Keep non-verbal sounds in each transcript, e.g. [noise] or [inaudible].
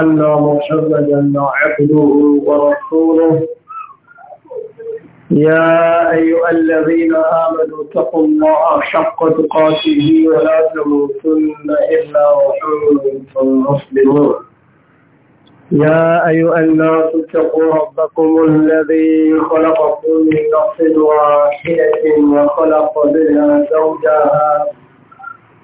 أن محمدا عبده ورسوله يا أيها الذين آمنوا اتقوا الله حق تقاته ولا تموتن إلا وأنتم مسلمون يا أيها الناس اتقوا ربكم الذي خلقكم من نفس واحدة وخلق منها زوجها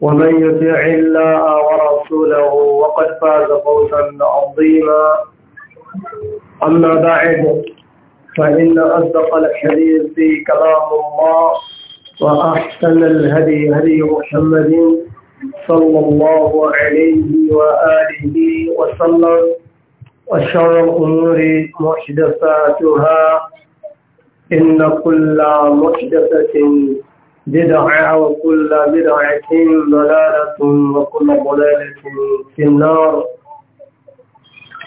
ومن يطع الله ورسوله وقد فاز فوزا عظيما أما بعد فإن أصدق الحديث كلام الله وأحسن الهدي هدي محمد صلى الله عليه وآله وسلم وشر الأمور محدثاتها إن كل محدثة بدعة وكل بدعة ضلالة وكل ضلالة في النار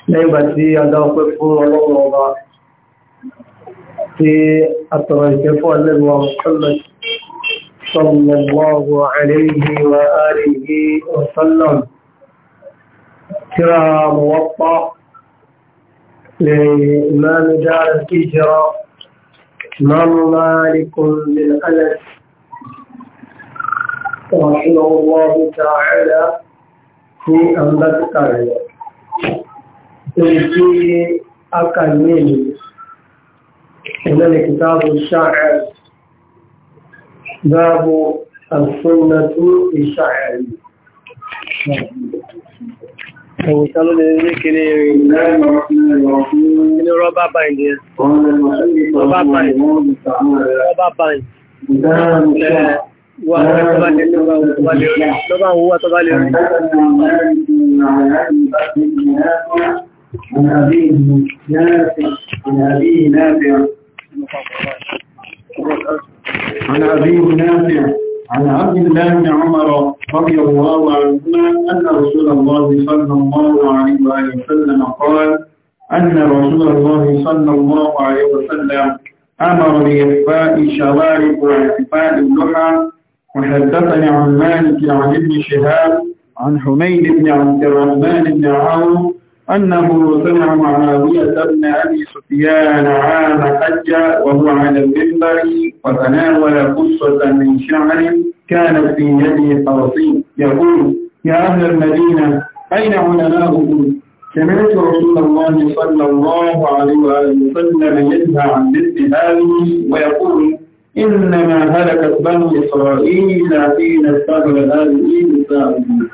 لعبة في أدوكم ونوضع في التركف النبي محمد صلى الله عليه وآله وسلم كرا موطأ لإمام دار الهجرة إمام مالك بن أنس رحمه الله تعالى في أنبت قرية تجي أكمل إلى كتاب الشاعر باب السنة في الشاعر Ìwòsàn ló lè ní kiri ìrìn ní rọ́bà báyìí ní rọ́bà báyìí. عن أبي نافع عن عبد الله بن عمر رضي الله عنهما أن رسول الله صلى الله عليه وسلم قال أن رسول الله صلى الله عليه وسلم أمر بإخفاء شوارب وإخفاء اللحى وحدثني عن مالك عن ابن شهاب عن حميد بن عبد الرحمن بن عوف أنه سمع معاوية بن أبي سفيان عام حجة وهو على المنبر وتناول قصة من شعر كانت في يده قرصين يقول يا أهل المدينة أين علماؤكم؟ سمعت رسول الله صلى الله عليه وآله وسلم ينهى عن مثل هذه ويقول إنما هلكت بنو إسرائيل حين استغل هذه سائلين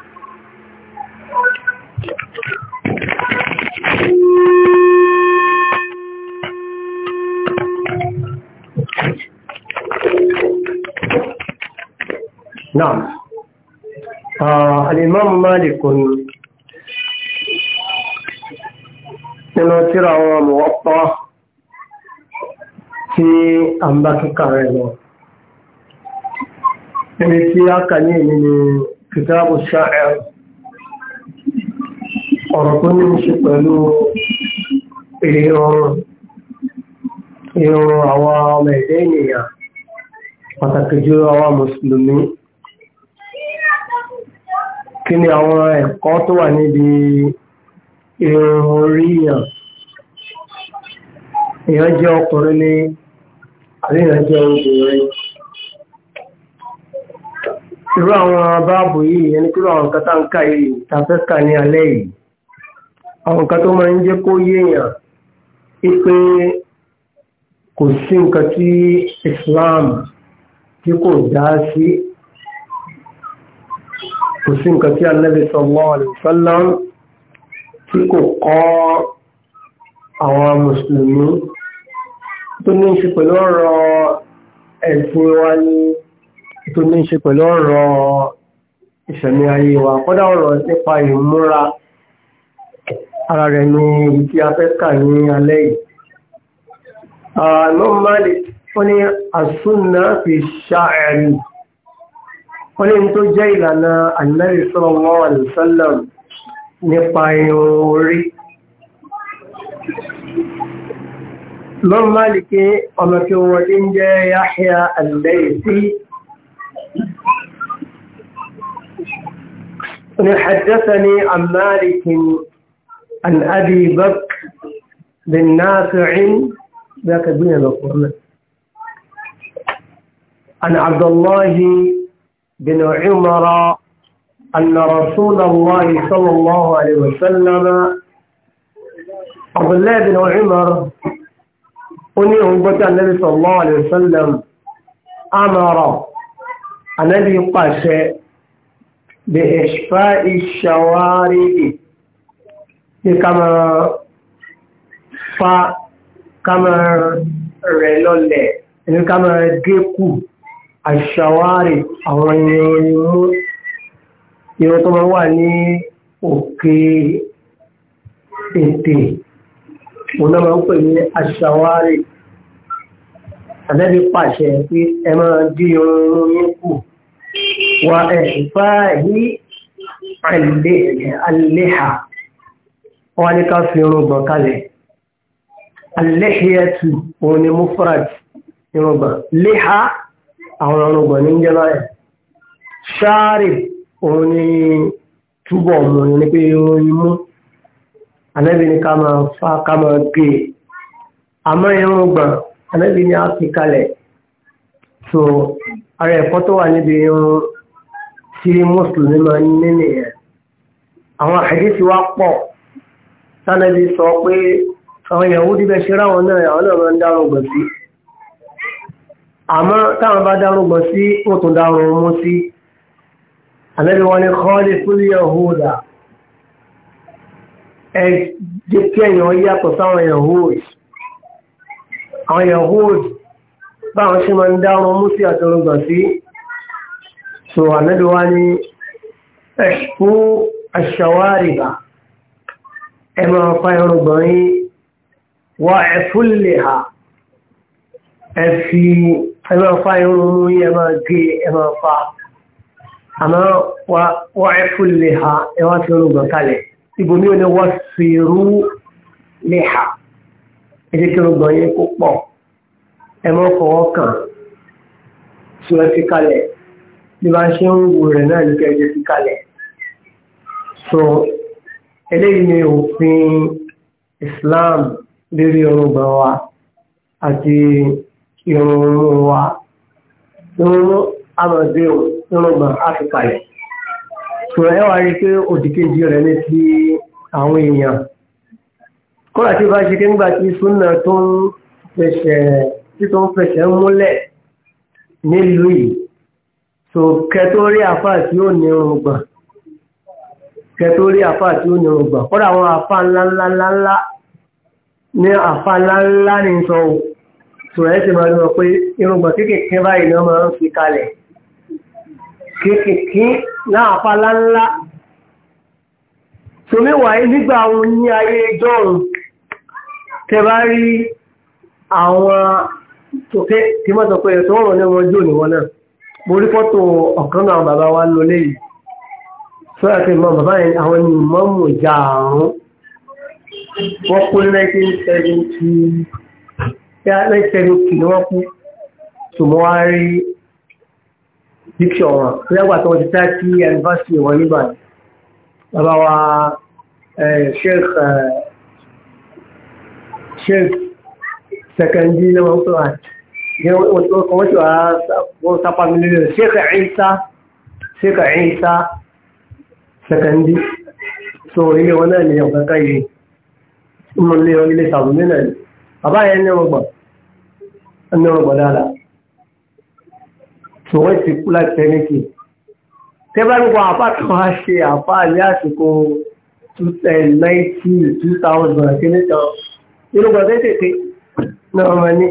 نعم آه الإمام مالك من ترى موطأ tí a ń bá kíkà rẹ̀ lọ. Ẹni tí a kà ní èyí ni Kìtàbù Ṣáẹ̀l, ọ̀rọ̀ tó ní ṣe pẹ̀lú ìrọ̀rùn àwọn ọmọ ẹ̀dẹ́ ènìyàn, pàtàkì jùlọ àwọn Mùsùlùmí. Kí ni àwọn ẹ̀kọ́ tó wà níbi ìrọ̀rùn orí èèyàn? Èèyàn ọkùnrin ní àríyàn jẹ́ obìnrin irú àwọn báàbù yìí ẹni kúrò àwọn nǹkan tá ń ká yìí tàfẹ́kà ní alẹ́ yìí àwọn nǹkan máa ń jẹ́ kó yéèyàn wípé kò sí nǹkan tí Islam tí kò dá sí kò sí nǹkan tí Ànábì sallallahu alaihi wasallam tí kò kọ́ àwọn mùsùlùmí tó ní ṣe pẹ̀lú ọ̀rọ̀ ẹ̀fún wa ní tó ní ṣe pẹ̀lú ọ̀rọ̀ ìṣẹ̀mí ayé wa kọ́dá ọ̀rọ̀ nípa ìmúra ara rẹ̀ ní ibi tí a fẹ́ kà ní alẹ́ yìí. normally wọ́n ní àsúnà fi ṣáàrì wọ́n ní nípa orí. من مالك ومكوّدين جاء يحيى الليثي حدثني عن مالك عن أبي بكر بن نافع ذاك الدنيا بقرنا عن عبد الله بن عمر أن رسول الله صلى الله عليه وسلم عبد الله بن عمر ó ní òun gbọ́tí ànábì sallallahu alaihi wasallam amara ànábì pàṣẹ bí ẹ̀ṣfà ìṣàwárí ní kama fa kama rẹ̀ lọ́lẹ̀ ní kama gẹ́kù àṣàwárí àwọn ìrìnmú tó wà ní òkè ètè òun náà máa ń pè ní aṣàwárí àdẹ́bí pàṣẹ pé ẹ máa dí oorun yín kù wà ẹ̀fà yí àléhà wọ́n ní ká fi irun gbọ̀n kalẹ̀ àléhìẹ́tù òun ni mufrad irun gbọ̀n léhà àwọn irun gbọ̀n ní jẹ́ báyìí ṣáàrì òun ni túbọ̀ mọ̀ ní pé irun imú ànábì ní ká máa fa ká máa gé e àmọ́ irun gbọ̀n ànábì ní á fi kalẹ̀ so ara ẹ̀kọ́ tó wà níbi irun tí mùsùlùmí máa ń ní nìyẹn àwọn àdìsí wa pọ̀ sánẹ́bí sọ pé àwọn Yahudi bẹ́ ṣe ráwọn náà àwọn náà máa ń dárúgbọ̀n sí àmọ́ táwọn bá dárúgbọ̀n sí ó tún dárun mú sí ànábì wọn ni khaliful Yahuda ẹ jẹ́ kí èèyàn yàtọ̀ sáwọn èèyàn hóòdì àwọn èèyàn hóòdì báwọn ṣe máa ń dárun mú sí àtọrọgbà sí so ànádọ́wá ní ẹ̀ṣpú àṣàwárìbà ẹ máa fa ẹrùgbọ̀n yín wà ẹ̀fúnlẹ̀ ha ẹ fi ẹ máa fa irun mú ẹ máa gé ẹ máa fa àmọ́ wà ẹ̀fúnlẹ̀ ẹ wá fi ẹrùgbọ̀n kalẹ̀ ibòmí ò ní wọ́n fi rú léha ẹjẹ́ kí ọgbọ̀n yẹn kó pọ̀ ẹmọ́ fọwọ́ kàn tí wọ́n fi kalẹ̀ bí bá ṣe ń wò rẹ̀ náà ní kẹjẹ́ fi kalẹ̀ so eléyìí ni òfin Islam lórí ọrùngbọ̀n wa àti ìrùn wa ìrùn amọ̀dé ìrùngbọ̀n áfíkà yẹn tó ẹ wá rí pé òdìkejì rẹ̀ ní ti àwọn èèyàn kọ́lá tí bá ṣe pé nígbà tí súnà tó ń fẹsẹ̀ tí tó ń fẹsẹ̀ múlẹ̀ nílùú yìí tó kẹtórí àfà tí ó ní irun gbà kẹtórí àfà tí ó ní irun gbà kọ́lá àwọn àfà ńláńláńlá ní àfà ńláńlá ní sọ tòrẹ́ ti máa lọ pé irun gbà kéékèèké báyìí ni wọ́n máa ń fi kalẹ̀ kéékèèké náà fàlá ńlá tòmíwàá nígbà àwọn ní ayé ìjọ́rùn tẹbá rí àwọn tòkẹ́ tí mọ́ sọpẹ́ ẹ̀ tó rọ̀ ní wọn jò níwọ̀n náà mo rí fọ́tò ọ̀kan náà bàbá wa lọ léyìí sọ́yà pé mọ́ bàbá yẹn àwọn ni mọ́ mú ìjà àrùn wọ́n kú ní 1970 ni wọ́n kú tòmọ́wárí picture wọn lẹ́gbà tó wọ́n ti tá sí anniversary wọn nígbà ní bàbá wa sheikh sheikh sẹkẹndì lọ́wọ́ tó wà ní wọ́n ti wà wọ́n sápá mi lórí sheikh Isa sheikh Isa sẹkẹndì so ilé wọn náà ní ọ̀kankan yìí mo lé wọn ilé sàbùmí náà bàbá yẹn ní ọgbà tí wọ́n ti kú láti tẹ́nìkì tẹ́bá nípa àfáà kan wá ṣe àfáà ní àsìkò 2019 2000 kí nìkan nínú gbọ́dọ̀ tètè náà wọ́n ní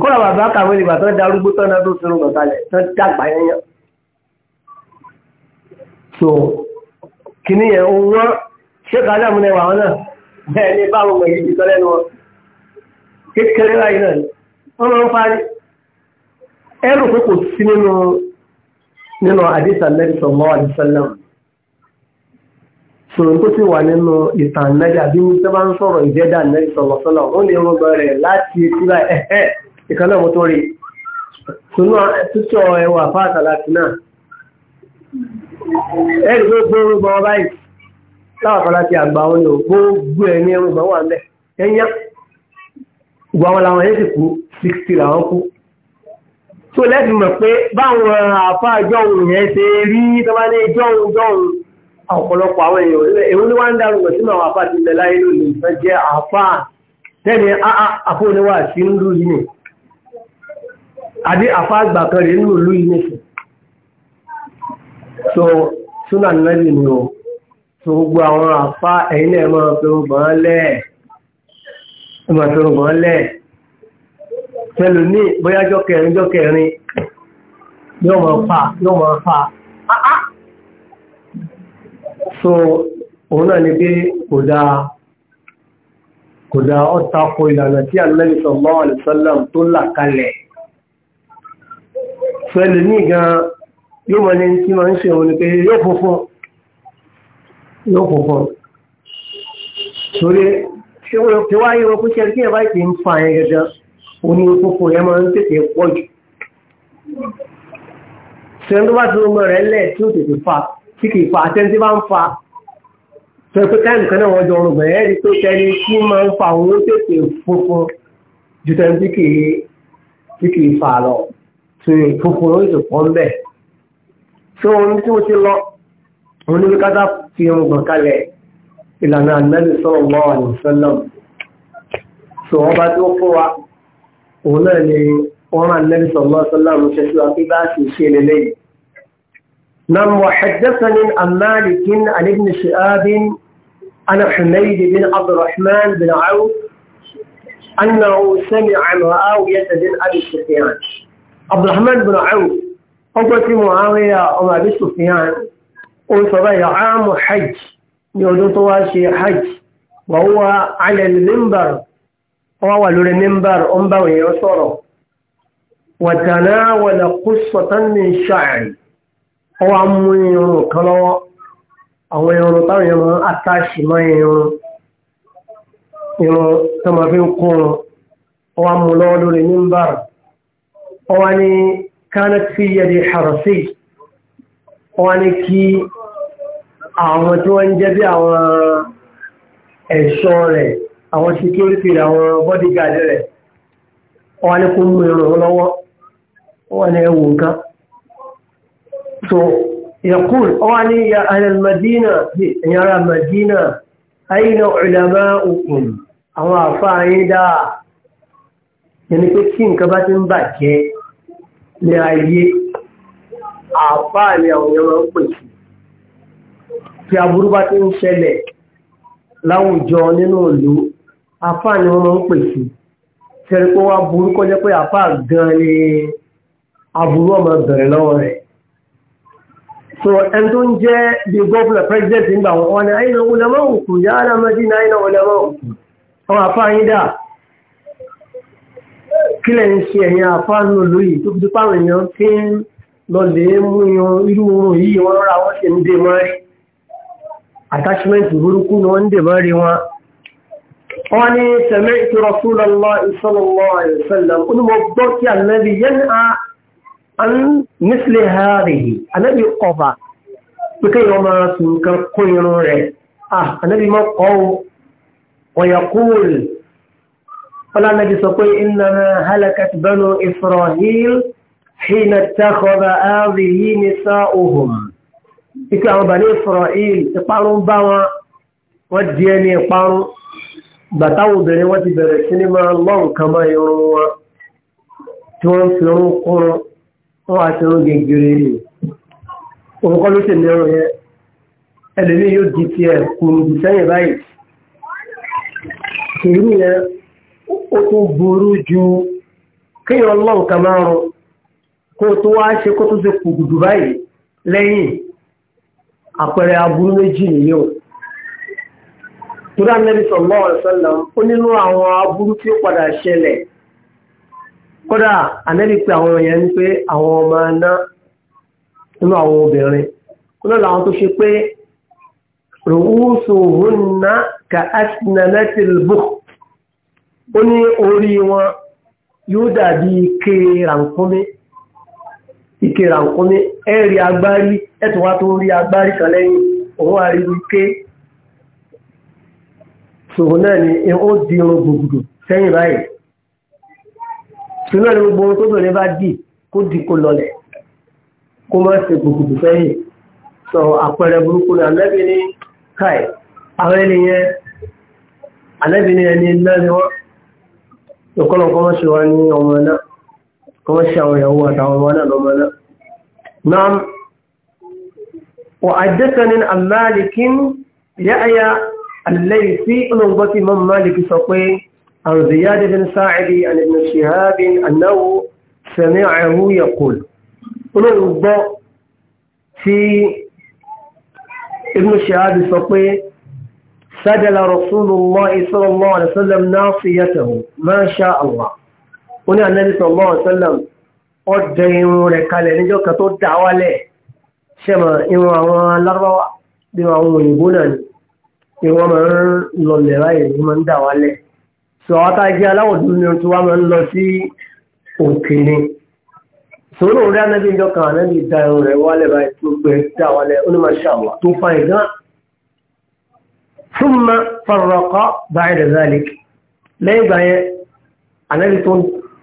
kọ́lá bàbá kàwé ìgbà tó darúgbó tó náà tó sínú gbọ̀tàlẹ̀ tó dàgbà yẹnyẹn so kìíní yẹn wọ́n ṣé kàdá múnẹ̀ wà wọn náà bẹ́ẹ̀ ni báwọn mọ̀ yìí ti sọ lẹ́nu wọn kékeré láyé náà wọ́n máa ń parí ẹrù pé kò sí nínú nínú àdìsá lẹ́yìn sọ̀mọ́ àdìsálẹ́m sọ̀rọ̀ tó sì wà nínú ìtàn nẹ́gà bí wọ́n tẹ́ bá ń sọ̀rọ̀ ìjẹ́dà lẹ́yìn sọ̀mọ́ sọ́lọ̀ ó lè rún bẹ̀rẹ̀ láti etúlá ẹ̀ẹ́ ìkànnà mo tó rí sọ̀nà títọ́ ẹwà fáàtà láti náà ẹ̀rù pé gbóró bọ́ báyìí láwọn kan láti àgbà wọn ni ò gbógbó ẹ̀ ní ẹrù bọ́ wà ń bẹ̀ ẹ̀yán gbọ́ àwọn làwọn yẹn sì kú sixty làwọn kú tó lẹ́sì mọ̀ pé báwọn àfá jọun yẹn ṣe rí tọ́bá ní jọun jọun ọ̀pọ̀lọpọ̀ àwọn èèyàn èwo ni wọ́n ń dárò pẹ̀ sínú àwọn àfá ti lẹ̀ láyé lónìí ìfẹ́ jẹ́ àfá tẹ́ni ah, ah, àfóníwà sí ń lú yìí àbí àfá àgbà kan rèé nínú ìlú yìí nìṣẹ́ so súnà nẹ́bì ni o so gbogbo àwọn àfá ẹ̀yìn náà máa fi ń gbọ́n lẹ́ẹ̀ tẹ́lù ní bóyá kẹrin jọ kẹrin yóò máa fà yóò máa fà áá ah, ah. so òun náà ni pé kò dáa ọ̀ta kò ìlànà tí Ànábì sallallahu alaihi tó là kalẹ̀ pẹ̀lú ní gan yóò mọ̀ ní tí máa ń ṣe òun ni pé yóò funfun yóò funfun torí ṣé wáyé wọn kó ṣe kí ẹ̀ báyìí ti ń fa yẹn gẹ́gẹ́ ó ní kókó yẹn máa ń tètè pọ̀ jù sẹ́yìn tó bá ti ọmọ rẹ̀ lẹ̀ tí ó tètè fa tí kì í fa àtẹ́ni tí bá ń fa sọ pé káyọ̀ nǹkan náà wọ́n jọ ọrùn bẹ̀rẹ̀ rí pé tẹni tí máa ń fa òun ó tètè funfun ju tẹni tí kì í tí kì í fa lọ tí funfun ó sì pọ̀ bẹ̀. sọ ohun tí mo ti lọ òun ní káta fi irun gbọ̀n kalẹ̀ ìlànà ànábì sallallahu alaihi wasallam sọ wọ́n bá tó fún wa. òun náà ni wọ́n rán nẹ́bí sọ̀lọ́ sọ́lá mú ṣe sí àti bá sì ṣe lélẹ́yìn. nam wa hajjasani amalikin alibni shi'abin ana humaydi bin abdurrahman bin awf annahu sami'a muawiya bin abi sufyan abdurrahman bin awf ọgbọ́n tí muawiya ọmọ abi sufyan ó sọ báyìí àmù hajj ní ọdún tó wá ṣe hajj wà wá alẹ́ mímbàrù wọ́n wà lórí mímbàr ó ń bá òyìn sọ̀rọ̀ wàtàná wàlà kú sọ̀tán ní ṣáàrì ó wà mú irun kan lọ́wọ́ àwọn irun táwọn irun àtàṣì mọ́ irun irun tó máa fi ń kúrun ó wà mú lọ́wọ́ lórí mímbàr ó wà ní kánat fi xarasi ó wà ní kí àwọn tí wọ́n ń jẹ́ bí àwọn ẹ̀ṣọ́ rẹ̀ àwọn security àwọn bodyguard rẹ̀ wọ́n ní kó mú irun lọ́wọ́ wọ́n ní ẹwù nǹkan so yaqul wọ́n ní ya ahlal madina ẹ̀yìn ara madina ayna ulama'ukum àwọn àfáà yín dáa yẹni pé kí nǹkan bá ti ń bàjẹ́ ní ayé àfáà ni àwọn èèyàn pè sí tí aburú bá ti ń ṣẹlẹ̀ láwùjọ nínú ìlú àfà ni wọ́n máa ń pè sí ṣẹ́rí pé wọ́n burú kọ́ jẹ́ pé àfà gan ni aburú ọmọ bẹ̀rẹ̀ lọ́wọ́ rẹ̀ so ẹni tó ń jẹ́ bí gọ́ọ̀fúnà president ń gbà wọ́n ní àyìnà ọ̀lẹ́mọ̀ òkú yá alámọ́dé ní àyìnà ọ̀lẹ́mọ̀ òkú àwọn àfà yín dà kí lẹ̀ ń ṣe ẹ̀yìn àfà ń lóyè tó fi dípá àwọn èèyàn tí ń lọ lè mú yan irú oorun yìí wọ́n rọra wọ́n ṣe ń dè mọ́rí attachment burúkú ni wọ́n ń dè mọ́rí wọn wọ́n ní sami'tu rasulallahi sallallahu alaihi wasallam olùmọ̀gbọ́ tí ànábì yẹn a an misli hadhihi ànábì ọba pípẹ́ yọ máa tún kan kún irun rẹ̀ ah ànábì máa kọ́ wa yaqul wọ́n ànábì sọ pé innama halakat banu israhil hina takhadha hadhihi nisa'uhum pípẹ́ àwọn bani israhil ìparun bá wọn wọ́n di ẹni ìparun gbatawo bere wọ́n bere sinima sí kama máa ti won fi irun kúrun wọ́n àti irun gègèrè rè òun kọ́ ló sì ní irun yẹn yóò di tiẹ̀ kùn jù sẹ́yìn báyìí kìrì yẹn ó tún burú ju kéèyàn lọ́rùn kan máa rún kó tó wá ṣe kó tó ṣe kùdùdù báyìí lẹ́yìn àpẹẹrẹ aburú o. torí Ànábì sallallahu alaihi wasallam ó nínú àwọn aburú tí ó padà ṣẹlẹ̀ kódà Ànábì pé àwọn èèyàn ń pé àwọn ọmọ aná nínú àwọn obìnrin kódà làwọn tó ṣe pé ru'usuhunna ka'asnanatil bukh ó ní orí wọn yóò dàbí ike rànkúnmí ike rànkúnmí ẹ̀rí agbárí ẹ̀tùwá tó rí agbárí kan lẹ́yìn òun àrí ike ṣòro náà ni ó di irun gbogbo sẹ́yìn báyìí ṣòro náà ni gbogbo ohun tó bẹ̀rẹ̀ bá dì kó di kó lọlẹ̀ kó má ṣe gbogbo sẹ́yìn sọ àpẹẹrẹ burúkú ni ànábì ní káì àwọn ènìyàn ànábì ní ẹni iná ni ìkọlọ̀ kọ́ ṣe wá ní ọmọ náà kọ́ ṣe àwọn ìyàwó àtàwọn ọmọ náà lọ́mọ náà. Nam, wa àdẹ́sẹ̀ ni Malikin yá'ayá الليل في أنبط إمام مالك سقي عن زياد بن ساعد عن ابن شهاب أنه سمعه يقول أنبط في ابن شهاب سقي سدل رسول الله صلى الله عليه وسلم ناصيته ما شاء الله هنا النبي صلى الله عليه وسلم ọ̀dẹ̀ irun rẹ̀ kalẹ̀ níjọ́ kan tó dá wálẹ̀ ṣẹ́mọ̀ irun àwọn alárọ́wà bí àwọn òyìnbó náà ni pé wọ́n máa ń lọlẹ̀ báyìí wọ́n máa ń dà wálẹ̀ sọ àwọn tájí aláwọ̀ dúdú ni tí wọ́n máa ń lọ sí òkè ni sọ́nà orí anábì ìjọ kan anábì da ẹ̀rọ rẹ̀ wálẹ̀ báyìí tó gbẹ dà wálẹ̀ ó ní máa ṣe àwọn tó fa ìgbà fún ma farraqa ba'da zalik lẹ́yìn ìgbà yẹn anábì tó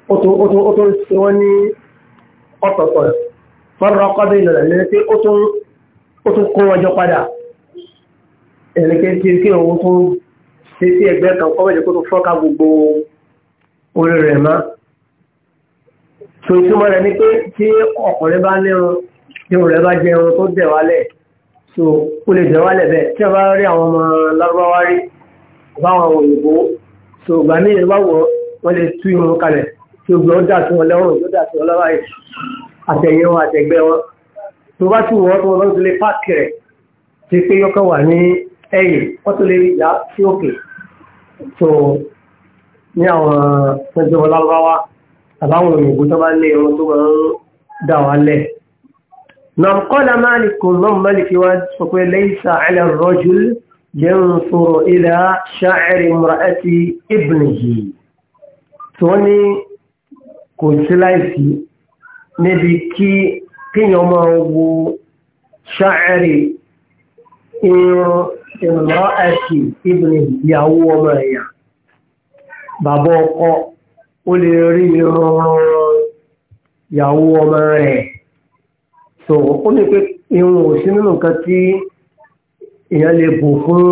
tó ń ṣe wọ́n ní ọ̀tọ̀ọ̀tọ̀ farraqa bẹ́ẹ̀ lọ́la lẹ́yìn tí ó tún kó wọn jọ padà ẹnikẹ́ tí kí òun tó ṣe sí ẹgbẹ́ kan kọ́ mẹ́jọ kó tó fọ́ká gbogbo orí rẹ̀ má. tó ìtumọ̀ rẹ̀ ni pé tí ọkùnrin bá nírun tí òun rẹ̀ bá jẹ irun tó dẹ̀ so ó lè dẹ̀ wálẹ̀ bẹ́ẹ̀ tí wọ́n bá rí àwọn ọmọ lárúbáwá rí báwọn òyìnbó so ìgbà míì ló bá wọ wọ́n lè tú irun kalẹ̀ tí ògbọ́n dà sí wọn lẹ́wọ̀n tó dà sí wọn lọ́wọ́ àtẹ̀yìn wọn àtẹ̀gbẹ́ wọn tó bá tù wọ́n tó ẹ̀yìn wọ́n tó lè yá sí òkè tó ní àwọn ẹjọ́ lárúbáwá àbáwọn òyìnbó tó bá lé irun tó máa ń dà wá lẹ̀. nàmkọ́lá máàlìkù náà máàlìkì wá sọ pé lẹ́yìnsà àlẹ́ rọ́jú jẹun sọ̀rọ̀ ilẹ̀ ṣáàrì mùràẹ́tì ìbìnì kò sí níbi kí kíyàn máa wo ṣáàrì ìrọ̀ ẹ̀kì ìbìnrin ìyàwó ọmọ ẹ̀yà bàbá ọkọ ó lè rí ìrọ̀rọ̀ ìyàwó ọmọ rẹ̀ so ó ní pé irun ò sí nínú nǹkan tí èèyàn lè bù fún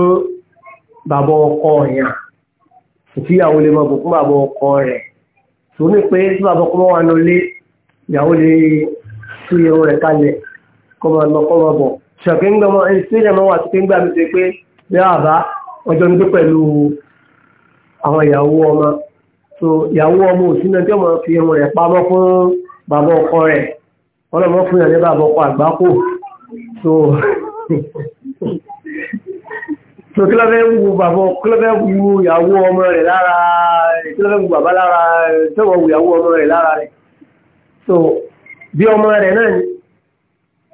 bàbá ọkọ èèyàn tí ìyàwó lè máa bù fún bàbá ọkọ rẹ̀ tó ní pé tí bàbá ọkọ wà nílé ìyàwó lè tú irun rẹ̀ kalẹ̀ kọ́ máa lọ kọ́ máa bọ̀ ṣọ̀kín gbọmọ ẹni tí ìyàmọ́ wà tuntun gbà mí ṣe pé bí àbá ọjọ́ ń gbé pẹ̀lú àwọn ìyàwó ọmọ so ìyàwó ọmọ òsínà tí ọmọ fi irun rẹ̀ pamọ́ fún bàbá ọkọ rẹ̀ ọlọ́mọ fún ìyàn ní bàbá ọkọ àgbákò so [laughs] so kí ló fẹ́ wu bàbá kí ló fẹ́ wu ìyàwó ọmọ rẹ̀ lára kí ló fẹ́ wu bàbá lára rẹ̀ tẹ́wọ̀ wu ìyàwó ọmọ rẹ̀ lára rẹ̀ so bí ọmọ rẹ̀ náà ni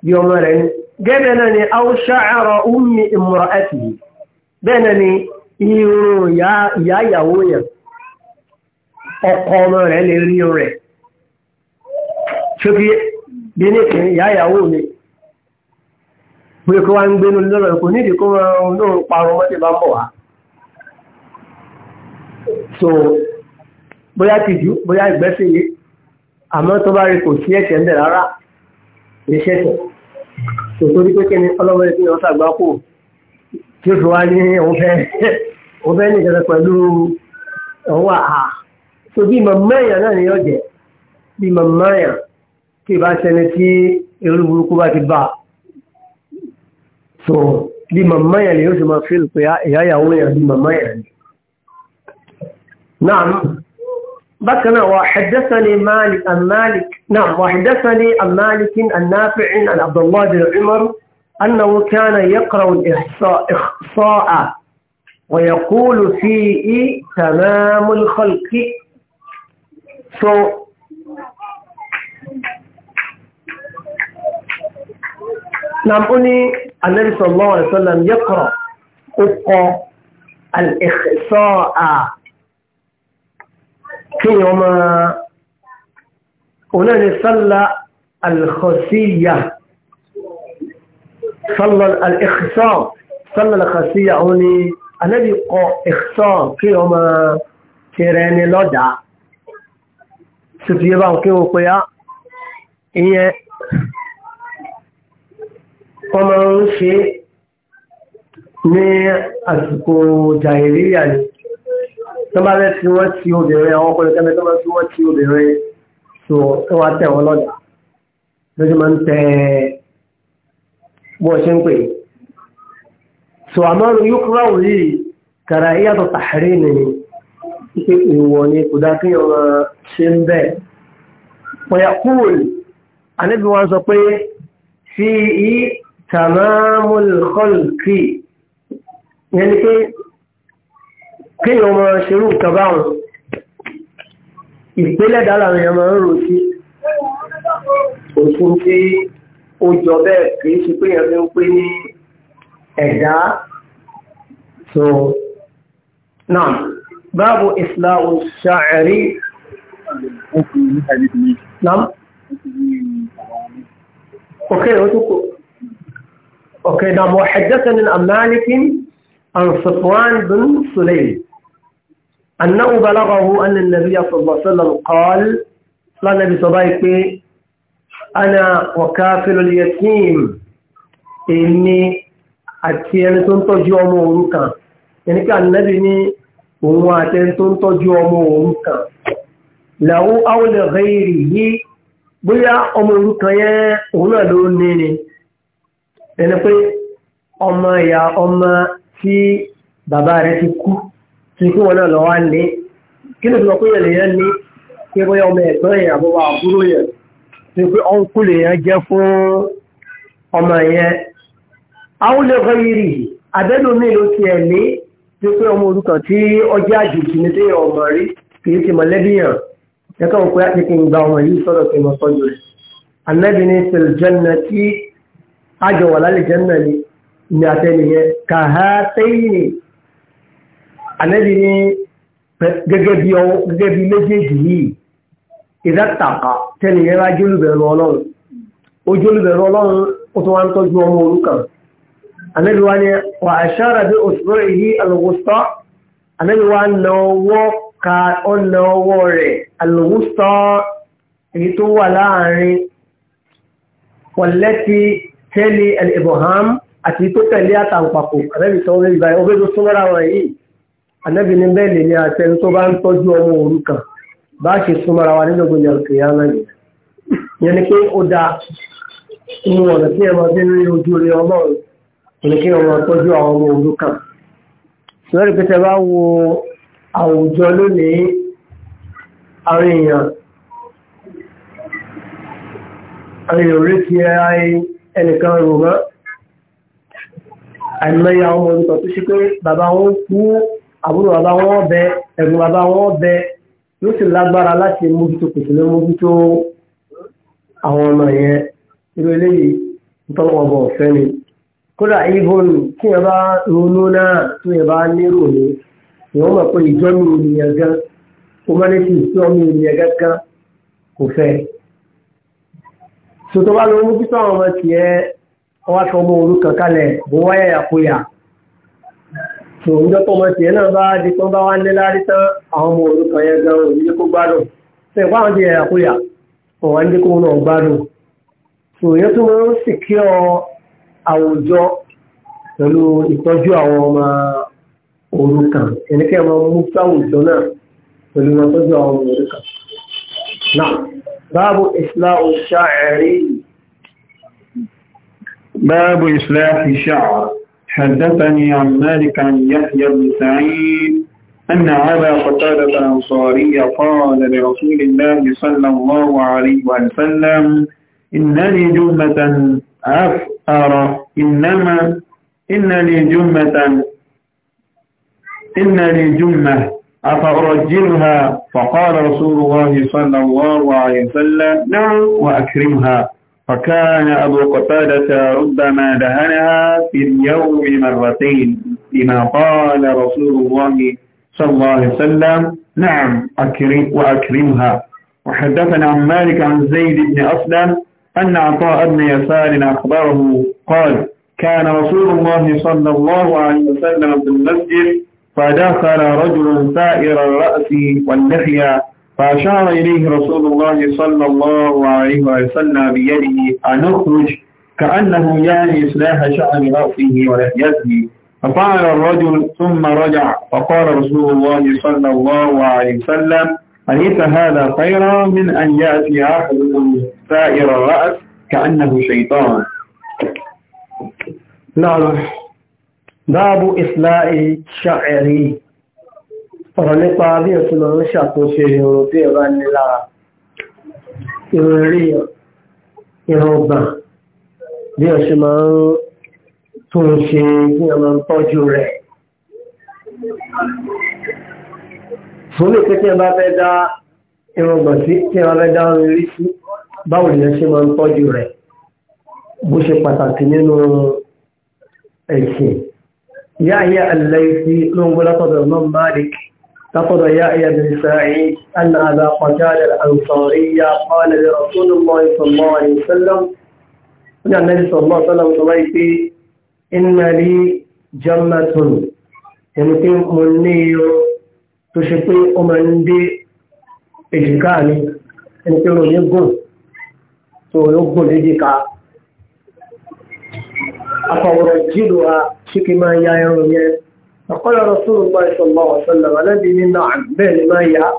bí ọmọ rẹ̀ ni. gẹ́gẹ́ náà ni a ó ṣáàrọ̀ ummi imra'atihi bẹ́ẹ̀ náà ni irun ìyá ìyàwó yẹn ọkọ ọmọ rẹ̀ lè rí rẹ̀ ṣókí bí ní kí ìyá mi pé kó ń gbénu lọ́rọ̀ kò so tòtòrí pé kíni ọlọ́wọ́ ẹ̀kí ni wọ́n sàgbá kò tí ó fi wá ní òun fẹ́ òun fẹ́ ní ìjọba pẹ̀lú òun àhà tó bí mọ̀mọ́yàn náà ni yóò jẹ́ bí mọ̀mọ́yàn tí ì bá ṣẹni tí èrú burúkú bá ti bá so bí mọ̀mọ́yàn ni yóò ṣe máa fílù pé ìyá ìyàwó yẹn bí mọ̀mọ́yàn ni. بكنا وحدثني مالك عن مالك نعم وحدثني عن مالك النافع عن عبد الله بن عمر أنه كان يقرأ الإحصاء إخصاء ويقول فيه تمام الخلق so نعم أني النبي صلى الله عليه وسلم يقرأ أبقى الإخصاء kéèyàn máa òun náà ni sálà alkhosíyà sálà alẹ́kṣọ́ sálà alkhosíyà òun ni anábì kọ ẹ̀kṣọ́ kéèyàn máa kéré ni lọ́dàá sùfìyẹ báwọn kéèyàn pé á ìyẹn ọmọ ń ṣe ní àsìkò jàìríyà ni tó bá fẹ́ fi wọ́n ti obìnrin àwọn ọkùnrin kẹ́mẹ́ tó bá fi wọ́n ti obìnrin tó tó wá tẹ̀ wọ́n lọ́dà lójú máa ń tẹ bó ṣe ń pè é so àmọ́ yóò kúrò àwọn kàrà ìyàtọ̀ tàhárí ni pé ìwọ̀ ni kò dá kí ọmọ ṣe ń bẹ̀ pẹ̀yà kúrò àníbi wọn sọ pé fi yí tàmámúlùkọ́lùkì yẹn ni pé kéèyàn ọmọ ṣerú nǹkan báwọn ìpínlẹ̀ dára èèyàn máa ń rò sí òfin tí ó jọ bẹ́ẹ̀ kì í ṣe pé èèyàn fi ń pè ní ẹ̀dá so náà báàbò ìsìláwò ṣàárí náà اوكي اوكي نعم وحدثني عن مالك عن صفوان بن سليم أنه بلغه أن النبي صلى الله عليه وسلم قال لا نبي صبايك أنا وكافل اليتيم إني àti ẹni tó ń tọ́jú ọmọ òrukàn ẹni pé ànábì ní òun àti ẹni tó ń tọ́jú ọmọ òrukàn làwọ́ áwọlẹ̀ rẹ̀rì yìí bóyá ọmọ òrukàn yẹn òun náà ló ní ni ẹni pé ọmọ ìyá ọmọ tí bàbá rẹ̀ ti kú tí kí wọn náà lọ wá lé kí ló fi wọn pé yẹn lèyàn ní pé bóyá ọmọ ẹ̀gbọ́n yẹn àbúrò àbúrò yẹn tí pé ọ̀nkú lèyàn jẹ́ fún ọmọ yẹn. àwọn olùkọ́ yìí rì abẹ́nu mi ló tiẹ̀ ní tí pé ọmọ orúkọ tí ọjà àjèjì ní téèyàn ọmọ rí kì í ti mọ̀lẹ́bí yàn ẹ̀ka òkú yá kékeré gba ọmọ yìí sọ̀rọ̀ pé mo sọ́jú rẹ̀. ànábì ní fil jannati àlẹ́bí ní gẹ́gẹ́ bí ọwọ́ gẹ́gẹ́ bí méjèèjì yìí ìdátàkà tẹ́lẹ̀ yẹn bá jólùbẹ̀rù ọlọ́run ó jólùbẹ̀rù ọlọ́run ó tó wá ń tọ́jú ọmọ òrukàn àlẹ́bí wá ní wà àṣára bí òṣùwọ́ èyí àlùwòsọ́ àlẹ́bí wá na ọwọ́ ka ọ̀nà ọwọ́ rẹ̀ àlùwòsọ́ èyí tó wà láàárín wọ̀lẹ́tì tẹ́lẹ̀ ẹ̀lẹ́bọ̀hám àti tó tẹ̀lé àtàǹpàkò àlẹ́bí sọ ànábì ní bẹ́ẹ̀ lè ní àtẹni tó bá ń tọ́jú ọmọ òrukàn bá ṣe súnmọ́ra wa nínú gbogbo ìyá náà nìyẹn yẹn ni pé ó dáa inú ọ̀nà tí ẹ máa fi rí ojú rí ọlọ́run ní kí ọmọ tọ́jú àwọn ọmọ òrukàn lórí pé tẹ bá wo àwùjọ lónìí àwọn èèyàn àwọn èèyàn orí ti ẹnìkan rò mọ́ àìmọye àwọn ọmọ òrukàn tó ṣe pé bàbá wọn kú àbúrò bàbá wọn bẹ ẹ̀gbọ́n bàbá wọn bẹ yóò sì lágbára láti mójútó kòtò lé mójútó àwọn ọmọ yẹn irú eléyìí nítorí wọn bọ̀ ọ̀fẹ́ ni kódà ìbọn tí yẹn bá ronú náà tó yẹn bá nírò ní ìwọ́n mọ̀ pé ìjọ mi ènìyàn gan kó má ní sí ìjọ mi ènìyàn gángan kò fẹ́ sọtọ́ bá lọ mójútó àwọn ọmọ tiẹ̀ wọ́n aṣọ ọmọ òru kankan lẹ̀ bó wáyà yàkóyà òwúrọ̀ tó mọ̀ tiẹ̀ náà bá di tán bá wá ní lárí tán àwọn ọmọ òrukàn yẹn gan òní ní kó gbádùn ṣe ìpá àwọn ti yẹ àkóyà ọ̀wá ní kó náà gbádùn ṣòyẹ́ tó máa ń sì kí ọ àwùjọ pẹ̀lú ìtọ́jú àwọn ọmọ òrukàn ẹni kí ẹ máa mú sáwùjọ náà pẹ̀lú ìtọ́jú àwọn ọmọ òrukàn. náà báàbù ìṣlá òṣà ẹ̀rí. báàbù ìṣlá ìṣà حدثني عن مالك عن يحيى بن سعيد أن أبا قتادة الأنصاري قال لرسول الله صلى الله عليه وسلم إنني جمة أفأر إنما إن لي جمة إن لي جمة أفأرجلها فقال رسول الله صلى الله عليه وسلم نعم وأكرمها فكان أبو قتادة ربما دهنها في اليوم مرتين لما قال رسول الله صلى الله عليه وسلم نعم أكرم وأكرمها وحدثنا عن مالك عن زيد بن أسلم أن عطاء بن يسار أخبره قال كان رسول الله صلى الله عليه وسلم في المسجد فدخل رجل سائر الرأس واللحية فأشار إليه رسول الله صلى الله عليه وسلم بيده أن اخرج كأنه يعني إصلاح شعر رأسه ولحيته ففعل الرجل ثم رجع فقال رسول الله صلى الله عليه وسلم أليس هذا خيرا من أن يأتي أحد سائر الرأس كأنه شيطان نعم باب إصلاح شعري ọ̀rọ̀ nípa bí ọ̀tún lọ ń ṣàkóso irun tí ẹ bá ní lára irun ọgbà bí ọ̀ṣun máa ń tún ṣe bí ọmọ ń tọ́jú rẹ̀. fún lè pé bá fẹ́ dá irun ọgbà sí tí ẹ fẹ́ dá irun eré sí báwo lè ṣe máa ń tọ́jú rẹ̀ bó ṣe pàtàkì nínú ẹ̀sìn. yáa àlẹ́ sí ló ń gbọ́dọ̀ tọ́jú ọ̀nà Malik. لقد يحيى بن سعيد أن أبا قتادة الأنصاري قال لرسول الله صلى الله عليه وسلم أن النبي صلى الله عليه وسلم قال إن لي جمة يمكن يعني مني تشفي أمن بي إجكاني يمكن يعني يقول تو يقول إجكا أفورجلها شكما يا يوم فقال رسول الله صلى الله عليه وسلم الذي من نعم بين ما هي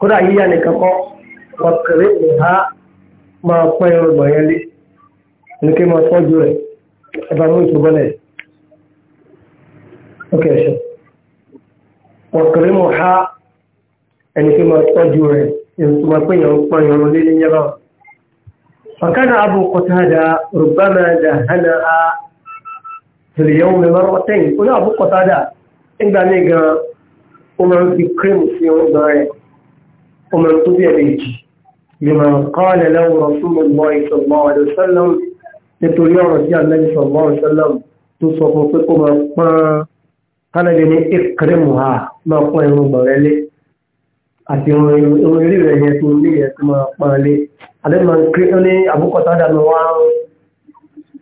قرأ هي نكقا وقرئها ما فير بيلي لكي ما صدره أبغى أقول أوكي شو وقرئها يعني كما صدره ثم فير بيلي لكي ما فكان أبو قتادة ربما دهنها tẹ̀lẹ̀yẹ̀wò mẹ́mọ́rọ́ tẹ́yìn ó náà búkọ̀ sádà nígbà ní gan ó máa ń fi kírìmù sí oúnjẹ rẹ̀ ó máa ń tó bí ẹ̀mẹ́jì lèmọ̀ kọ́ọ̀lẹ̀ lẹ́wọ̀rọ̀ fún mọ̀ ìṣọ̀gbọ̀n àdìsọ́lọ́m nítorí ọ̀rọ̀ sí àlẹ́bí sọ̀gbọ̀n àdìsọ́lọ́m tó sọ fún pé kó máa pọ́n kánàdé ní ìkírìmù ha máa pọ́n irun bọ̀rẹ́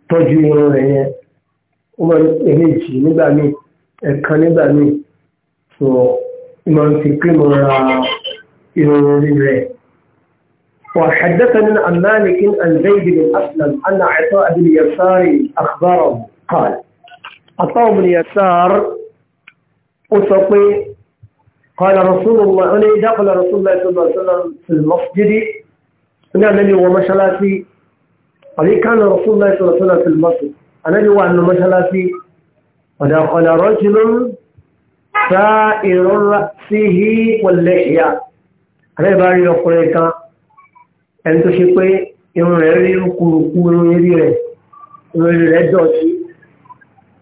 tọ́jú irun rẹ̀ yẹn máa ń pè méjì nígbà míì ẹ̀kan nígbà míì tó máa ń fi kírímù ra irun orí rẹ̀. وحدثنا عن مالك عن زيد بن أسلم أن عطاء بن يسار أخبره قال عطاء بن يسار أسطي قال رسول الله أنا دخل رسول الله صلى الله عليه وسلم في المسجد أنا من ومشلاتي عليه كان رسول الله صلى الله عليه وسلم في المسجد anábì wà nínú mọ́ṣáláṣí ọ̀dà rọ́jùlọ́ sá ìrora sí hí pọ̀lẹ̀ ìyá anábì bá rí ọkùnrin kan ẹni tó ṣe pé irun rẹ̀ rí kùrùkù irun eré rẹ̀ irun eré rẹ̀ dọ̀tí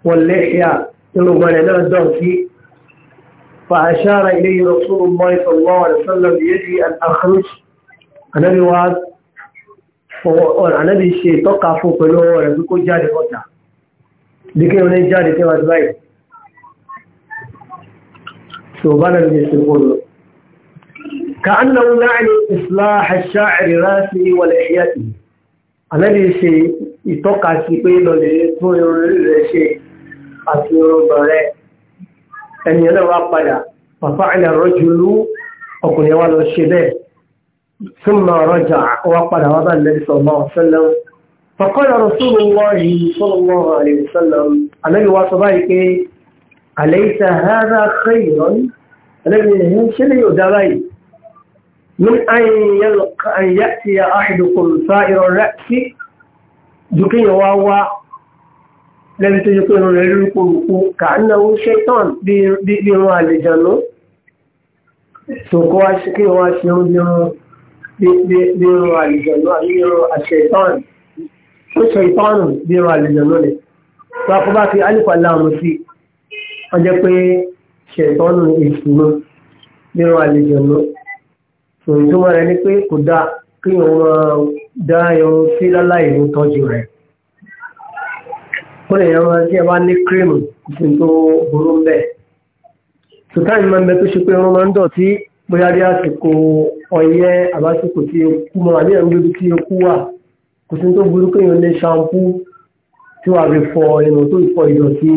pọ̀lẹ̀ ìyá irun gbọ́n rẹ̀ náà dọ̀tí فأشار إليه رسول الله صلى الله عليه وسلم بيده أن أخرج النبي وعد النبي شيء تقع فوق له ويقول جاري díkẹ́ wọn ní jáde kẹwàá ti báyìí tó bá náà ní ṣe kúrò ka an na wula ní islaha sha'ari rasi wal ihyati anabi ṣe ìtọ́ka sí pé lọlẹ̀ ثم رجع وقد هذا النبي صلى الله عليه وسلم فقال رسول الله صلى الله عليه وسلم النبي وصبايك أليس هذا خيرا النبي شنو دواي من أن يلقى أن يأتي أحدكم سائر الرأس دكي واوا لم تجكن لكم كأنه شيطان بما لجنه سوكوا شكي واشيون بما لجنه بما لجنه الشيطان ó ṣe ìtọ́nù bí irun àlejò lónìí tó akọ fi alifa láàmú sí wọ́n jẹ́ pé ṣe ìtọ́nù ìṣúná bí irun àlejò lọ tó ìtumọ̀ rẹ̀ ni pé kò dáa kí òun máa dá irun sí láláì ní tọ́jú rẹ̀ ó lè yẹn máa tí ẹ bá ní kírìmù kí n tó burú bẹ́ẹ̀ sùtáì máa ń bẹ tó ṣe pé irun máa ń dọ̀tí bóyá rí àsìkò ọyẹ́ àbásìkò tí ó kú mọ́ àbí ẹ̀rú lójú tí ó kú wà kò sí tó burú kéèyàn lé ṣampú tí wàá fi fọ irun tó fọ ìdọ̀tí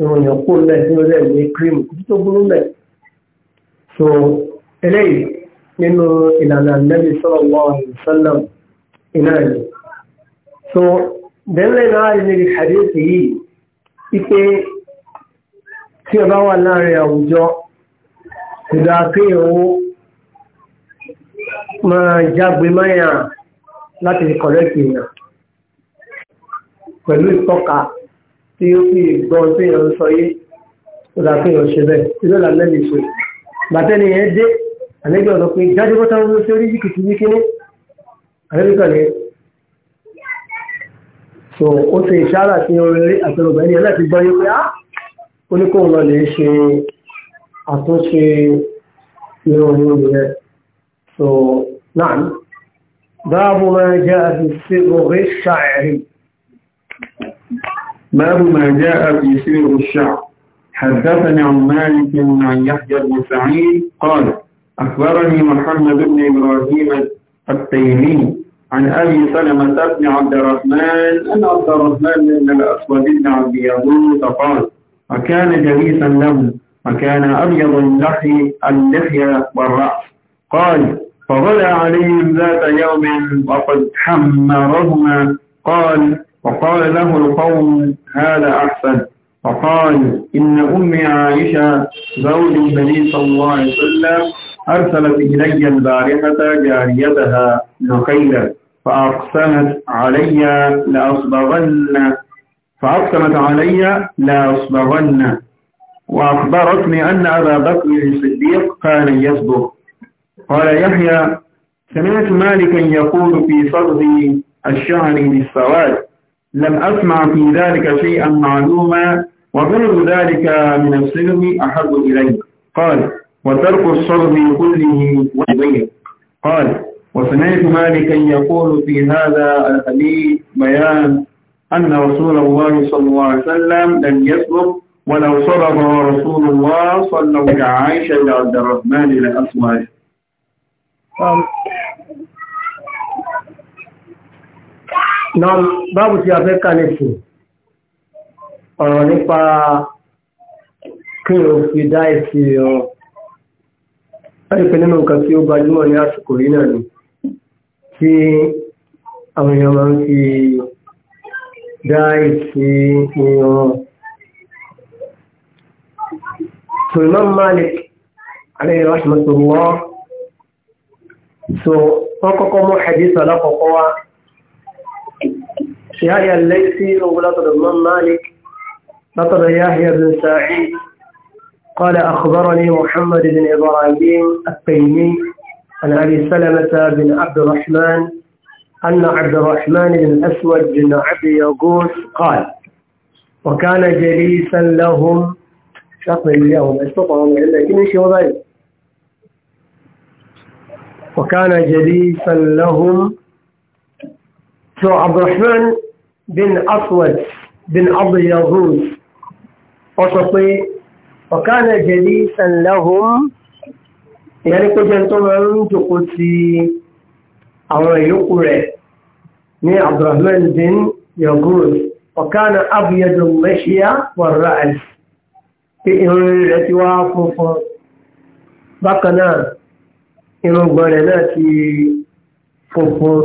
irun yàn kó lẹ̀ sínú rẹ̀ ní cream kò sí tó burú lẹ̀. so eléyìí nínú ìlànà Nabi sallallahu alaihi wasallam iná ni. so bẹ́ẹ̀ náà níbi hadith yìí ipe tí ọba wà láàrin àwùjọ kò kéèyàn ó máa jágbe máyà láti lè kọ̀rẹ́kì èèyàn pẹ̀lú ìtọ́ka tí ó fi gbọ́n tí èèyàn ń sọ yé tó dáa kí èèyàn ṣe bẹ́ẹ̀ tí ló làá lẹ́nu ìṣe gbàtẹ́ni yẹn dé àlejò ọ̀dọ́ pé jáde bọ́tà ń ṣe orí yìkìtì yìí kíní àlejò kan yẹn so ó ṣe ìṣára sí orí àtọ̀rọ̀gbẹ̀ ní ẹlẹ́ti gbọ́ yí pé á ah! ó ní kóhùn lọ lè ṣe àtúnṣe ìròyìn rẹ̀ so náà باب ما جاء في صبغ الشعر باب ما جاء في صبغ الشعر حدثني عن مالك عن يحيى بن سعيد قال أخبرني محمد بن إبراهيم التيمي عن أبي سلمة بن عبد الرحمن أن عبد الرحمن بن الأسود بن عبد يهود قال وكان جليسا له وكان أبيض اللحي اللحية والرأس قال فغدا عليهم ذات يوم وقد حمرهما قال وقال له القوم هذا أحسن فقال إن أمي عائشة زوج النبي صلى الله عليه وسلم أرسلت إلي البارحة جاريتها نخيلة فأقسمت علي لأصبغن فأقسمت علي لأصبغن وأخبرتني أن أبا بكر الصديق كان يصبغ قال يحيى سمعت مالكا يقول في فرض الشهر بالسواد لم أسمع في ذلك شيئا معلوما وغير ذلك من السلم أحب إلي قال وترك الصرف كله وضيق قال وسمعت مالكا يقول في هذا الحديث بيان أن رسول الله صلى الله عليه وسلم لم يصرف ولو صرف رسول الله صلى الله عليه وسلم عائشة عبد الرحمن الأسود Um, náà báwo tí a fẹ́ kàlẹ̀ sí ọ̀rọ̀ nípa kí o fi dá ẹ̀sì ọ̀rọ̀ láìpẹ́ nínú nǹkan tí ó gbajúmọ̀ ní àsìkò yìí náà ni tí àwọn èèyàn máa ń fi dá ẹ̀sì ọ̀rọ̀ Imam Malik alayhi rahmatullah so wọ́n kọ́kọ́ mú hadith alákọ̀ọ́kọ́ wá yahya lẹ́sí ogun látọ̀dọ̀ mọ́ malik látọ̀dọ̀ yahya bin sa'i قال أخبرني محمد بن إبراهيم التيمي عن أبي سلمة بن عبد الرحمن أن عبد الرحمن بن أسود بن عبد يغوث قال وكان جليسا لهم شخص اليوم استطعوا من عندك إيش وكان جليسا لهم عبد الرحمن بن أسود بن عبد يغوث وصفي وكان جليسا لهم يعني كنت من تقصي أو يقول من عبد الرحمن بن يغوث وكان أبيض المشية والرأس في إهل الاتواف بقنا irùngbọ̀n rẹ̀ náà ti funfun.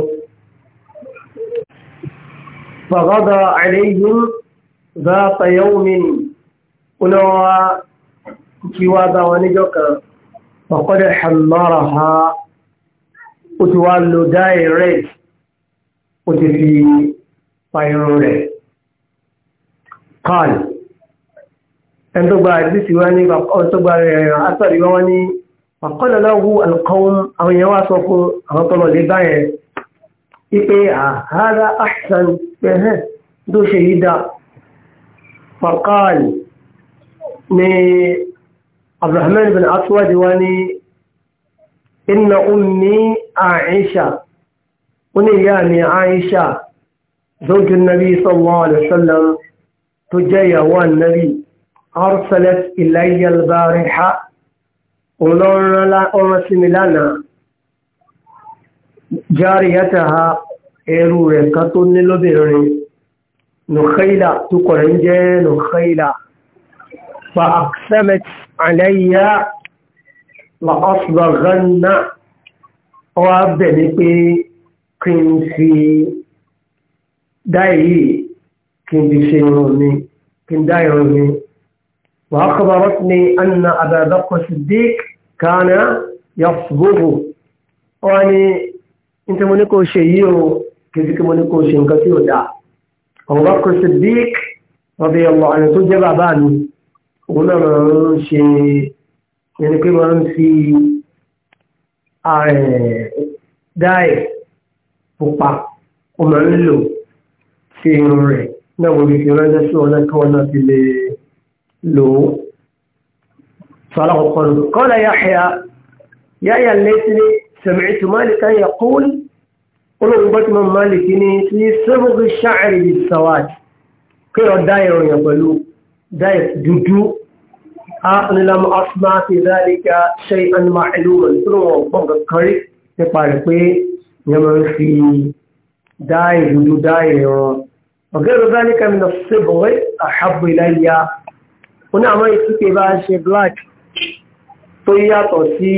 Fàgọ́dọ̀ àìlẹ́yìn bá tayọ́ mi olówó kí wá bá wọn níjọ́ kan. Fàkọ́dọ̀ ṣàlọ́rọ̀ ha ó ti wá lo dáì rẹ̀ ó ti fi pa rẹ̀. Kọ́ọ̀lù ẹni tó gba àdísì wá ní ọ̀kọ́lẹ̀ lọ́wọ́ alkọ́un àwọn èèyàn wá sọ fún àwọn tọ́lọ̀ lè báyẹn ipé àhárá ahsan pẹ̀hẹ́ tó ṣe yí dá fàkàlì ni abdulrahman bin aswad wa ni inna ummi aisha ó ní ìyá mi aisha zaujú nabi sallallahu alaihi wasallam tó jẹ́ ìyàwó annabi arsalat ilayya albariha òun lọ rán sí mi lánàá járe yàtà ha ẹrù rẹ̀ kan tó ní lóbìnrin nùkẹ́ìlà tó kọ̀rẹ̀ ń jẹ́ nùkẹ́ìlà fa aksamet alayya la ọwá bẹ̀ ní pé kí n fi dá kí n fi ṣe irun mi kí n dá mi وأخبرتني أن أبا بكر الصديق كان يصبغ وأني أنت منكو شيء كذلك منكو شيء كثير دا أبو بكر الصديق رضي الله عنه تجب أباني ولا شيء يعني كما في داي pupa ọmọ ń lò fi irun rẹ̀ náà wọ́n fi ránṣẹ́ sí ọ̀nà kan náà fi lè لو صلاح القلب قال يحيى يحيى الليثي سمعت مالكا يقول قلوا بطم مالكني في صبغ الشعر بالسواد كيرو داير يقولوا داير دودو أنا لم أسمع في ذلك شيئا معلوما قلوا بطم كريك يقال في يمن في داير دودو داير وغير ذلك من الصبغ أحب إلي ó ní àwọn ìtúkè bá ṣe black tó yàtọ̀ sí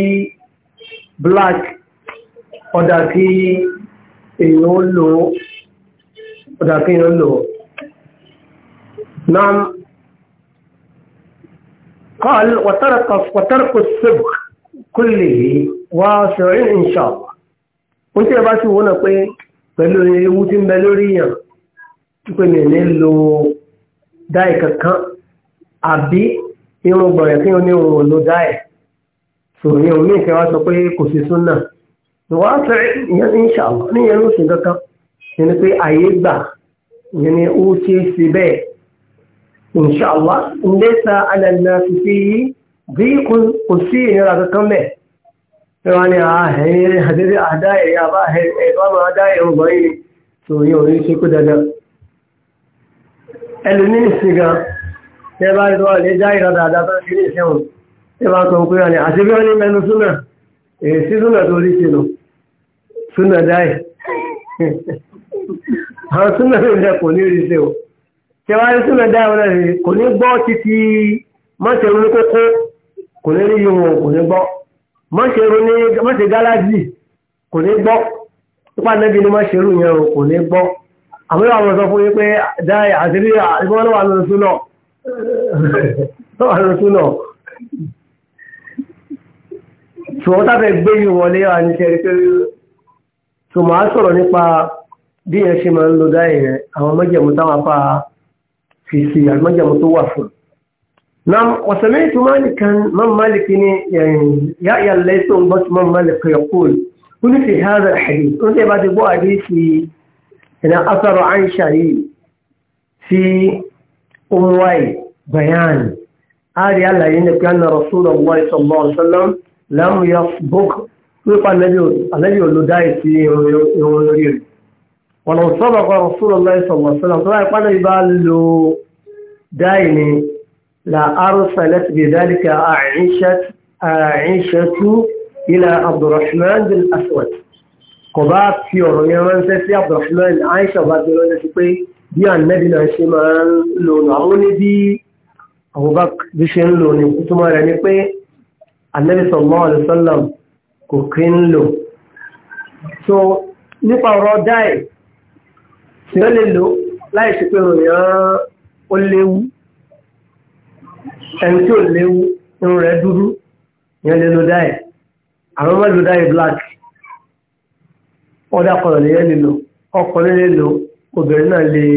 black ọ̀dà kí èèyàn lò ó ọ̀dà kí èèyàn lò ó نعم قال وترك وترك السبق كله واسع ان شاء الله وانت bá sì wọ́n náà pé pẹ̀lú ewu tí ń bẹ lórí yàn tí pé mi ní lo dáì kankan àbí irun gbọ̀rẹ̀ kí o ní ohun ló dá ẹ̀ so ní omi ìkẹ́ wá sọ pé kò sí súnà ìwà fẹ́ ìyẹn ní ṣàlọ́ ní ìyẹn ló sì kankan ìyẹn pé àyè gbà ìyẹn ni ó ṣe é ṣe bẹ́ẹ̀ ìṣàlọ́ ńlẹ́sà alẹ́nà fífi yìí bí kò sí ìnira kankan bẹ́ẹ̀ ìwà ni àhẹ́rẹ́ àdẹ́rẹ́ àdá ẹ̀ àbá ẹ̀bá máa dá ẹ̀ ọgbọ̀n yìí so ìyẹn ò ní kó dandan ẹlòmíì sí gan tẹ́ bá ń tọ́ lè já ìran dáadáa tó ṣe lè ṣẹ́wọ̀n tẹ́ bá ni àti bí wọ́n ní mẹ́nu súnà èyí sí súnà tó rí ṣìnà súnà dáì àwọn súnà tó ṣe kò ní rí ṣe o tẹ́ wá rí súnà dáì wọn rẹ̀ kò ní gbọ́ títí mọ́ṣẹ́ ronú kókó kò ní rí yìí wọn kò ní gbọ́ gálájì kò ní gbọ́ nípa nẹ́bí ni mọ́ṣẹ́ rú yẹn kò ní gbọ́ àmúlò àwọn sọ fún yín pé dáì àti bí wọ́n wà lóṣù náà tọ́wà ló tún náà ṣùgbọ́n tábẹ̀ gbé yìí wọlé wa ní ṣẹ́rí pé tó máa sọ̀rọ̀ nípa bí yẹn ṣe máa ń lo dáì rẹ̀ àwọn mọ́jẹ̀mú táwọn apá fi sí àwọn mọ́jẹ̀mú tó wà fún nam وسمعت مالكا من مالك يعني يأيى ليس بس من مالك يقول قل في هذا الحديث قلت بعد بو حديث أنا أثر عن شريك في unwai bayani ari alaye ni pé anna Rasulullah sallallahu alaihi wasallam lam yasbuk pípa alẹ́bí olùdá ìsí irun lórí rẹ̀ ọ̀nà sabqa Rasulullah sallallahu alaihi wasallam tó láì pàdé bá lo dáì ni la arsalat bi dhalika Aishatu ila Abdurrahman bin Aswad kò bá fi ọ̀rọ̀ yẹn ránṣẹ́ sí Abdurrahman Aisha bá fi ránṣẹ́ sí pé bí ànẹ́bí náà ṣe máa ń lò nù àwọn ní bí Abubakar bí ṣe ń lò ní túmọ̀ rẹ̀ ni pé ànẹ́bí sallallahu alaihi wasallam kò kí ń lò so nípa ọ̀rọ̀ dáì tí ó lè lò black ọ̀dà kọ̀ọ̀lẹ̀ yẹn lè lò ọkùnrin lè lò obìnrin náà lè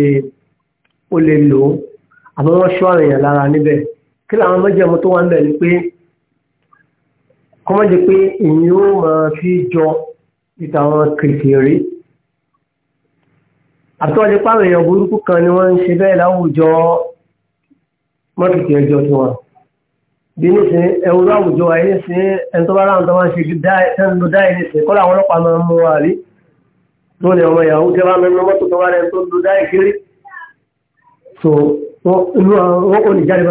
ó lè lò ó àmọ́ wọ́n ṣọ́ àrìyàn lára níbẹ̀ kí làwọn mọ́jẹ̀mú tó wà ń bẹ̀ ni pé kọ́mọ́jẹ pé èyí ó máa fi jọ ìtàwọn kìrìkìrì àtọ́jẹ́ páwọn èèyàn burúkú kan ni wọ́n ń ṣe bẹ́ẹ̀ láwùjọ mọ́kìtì ẹjọ́ tí wọ́n bí nísìn ẹwúrọ̀ àwùjọ ayé sí ẹni tó bá ráhùn tó máa ń ṣe dáìní sí kọ́lá àwọn ọlọ́pàá máa ń mú wa rí tó lè ọmọ ìyàwó jẹ́ bá mẹ́nu mọ́tò tó wá rẹ̀ tó lù dáì kiri so wọ́n ò ní jáde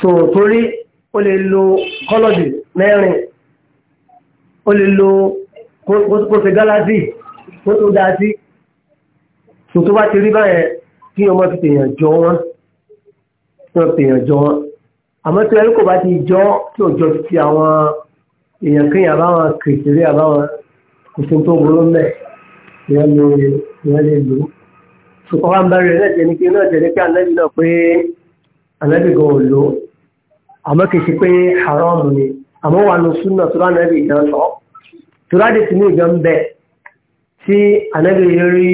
so torí ó lè lo kọ́lọ̀dì mẹ́rin ó lè lo kó ṣe gálásì kó tó dáa sí so tó bá ti rí báyẹn kí ọmọ ti tèèyàn jọ wọn tó tèèyàn jọ wọn àmọ́ tí ẹni kò bá ti jọ tí ò jọ ti àwọn èèyàn kéèyàn báwọn kìrìtìrí àbáwọn kò sí tó burú mẹ́ ìyẹn lè ìyẹn lè lò ó. ṣùgbọ́n wá ń bẹ̀rẹ̀ náà jẹ́ ní pé náà jẹ́ ní pé ànábì náà pé ànábì gan ò lò àmọ́ kì ṣe pé haram ni àmọ́ wà ló súnà tó lánàbì gan lọ. tùrádì sí ní ìgbọ́n bẹ̀ tí ànábì rí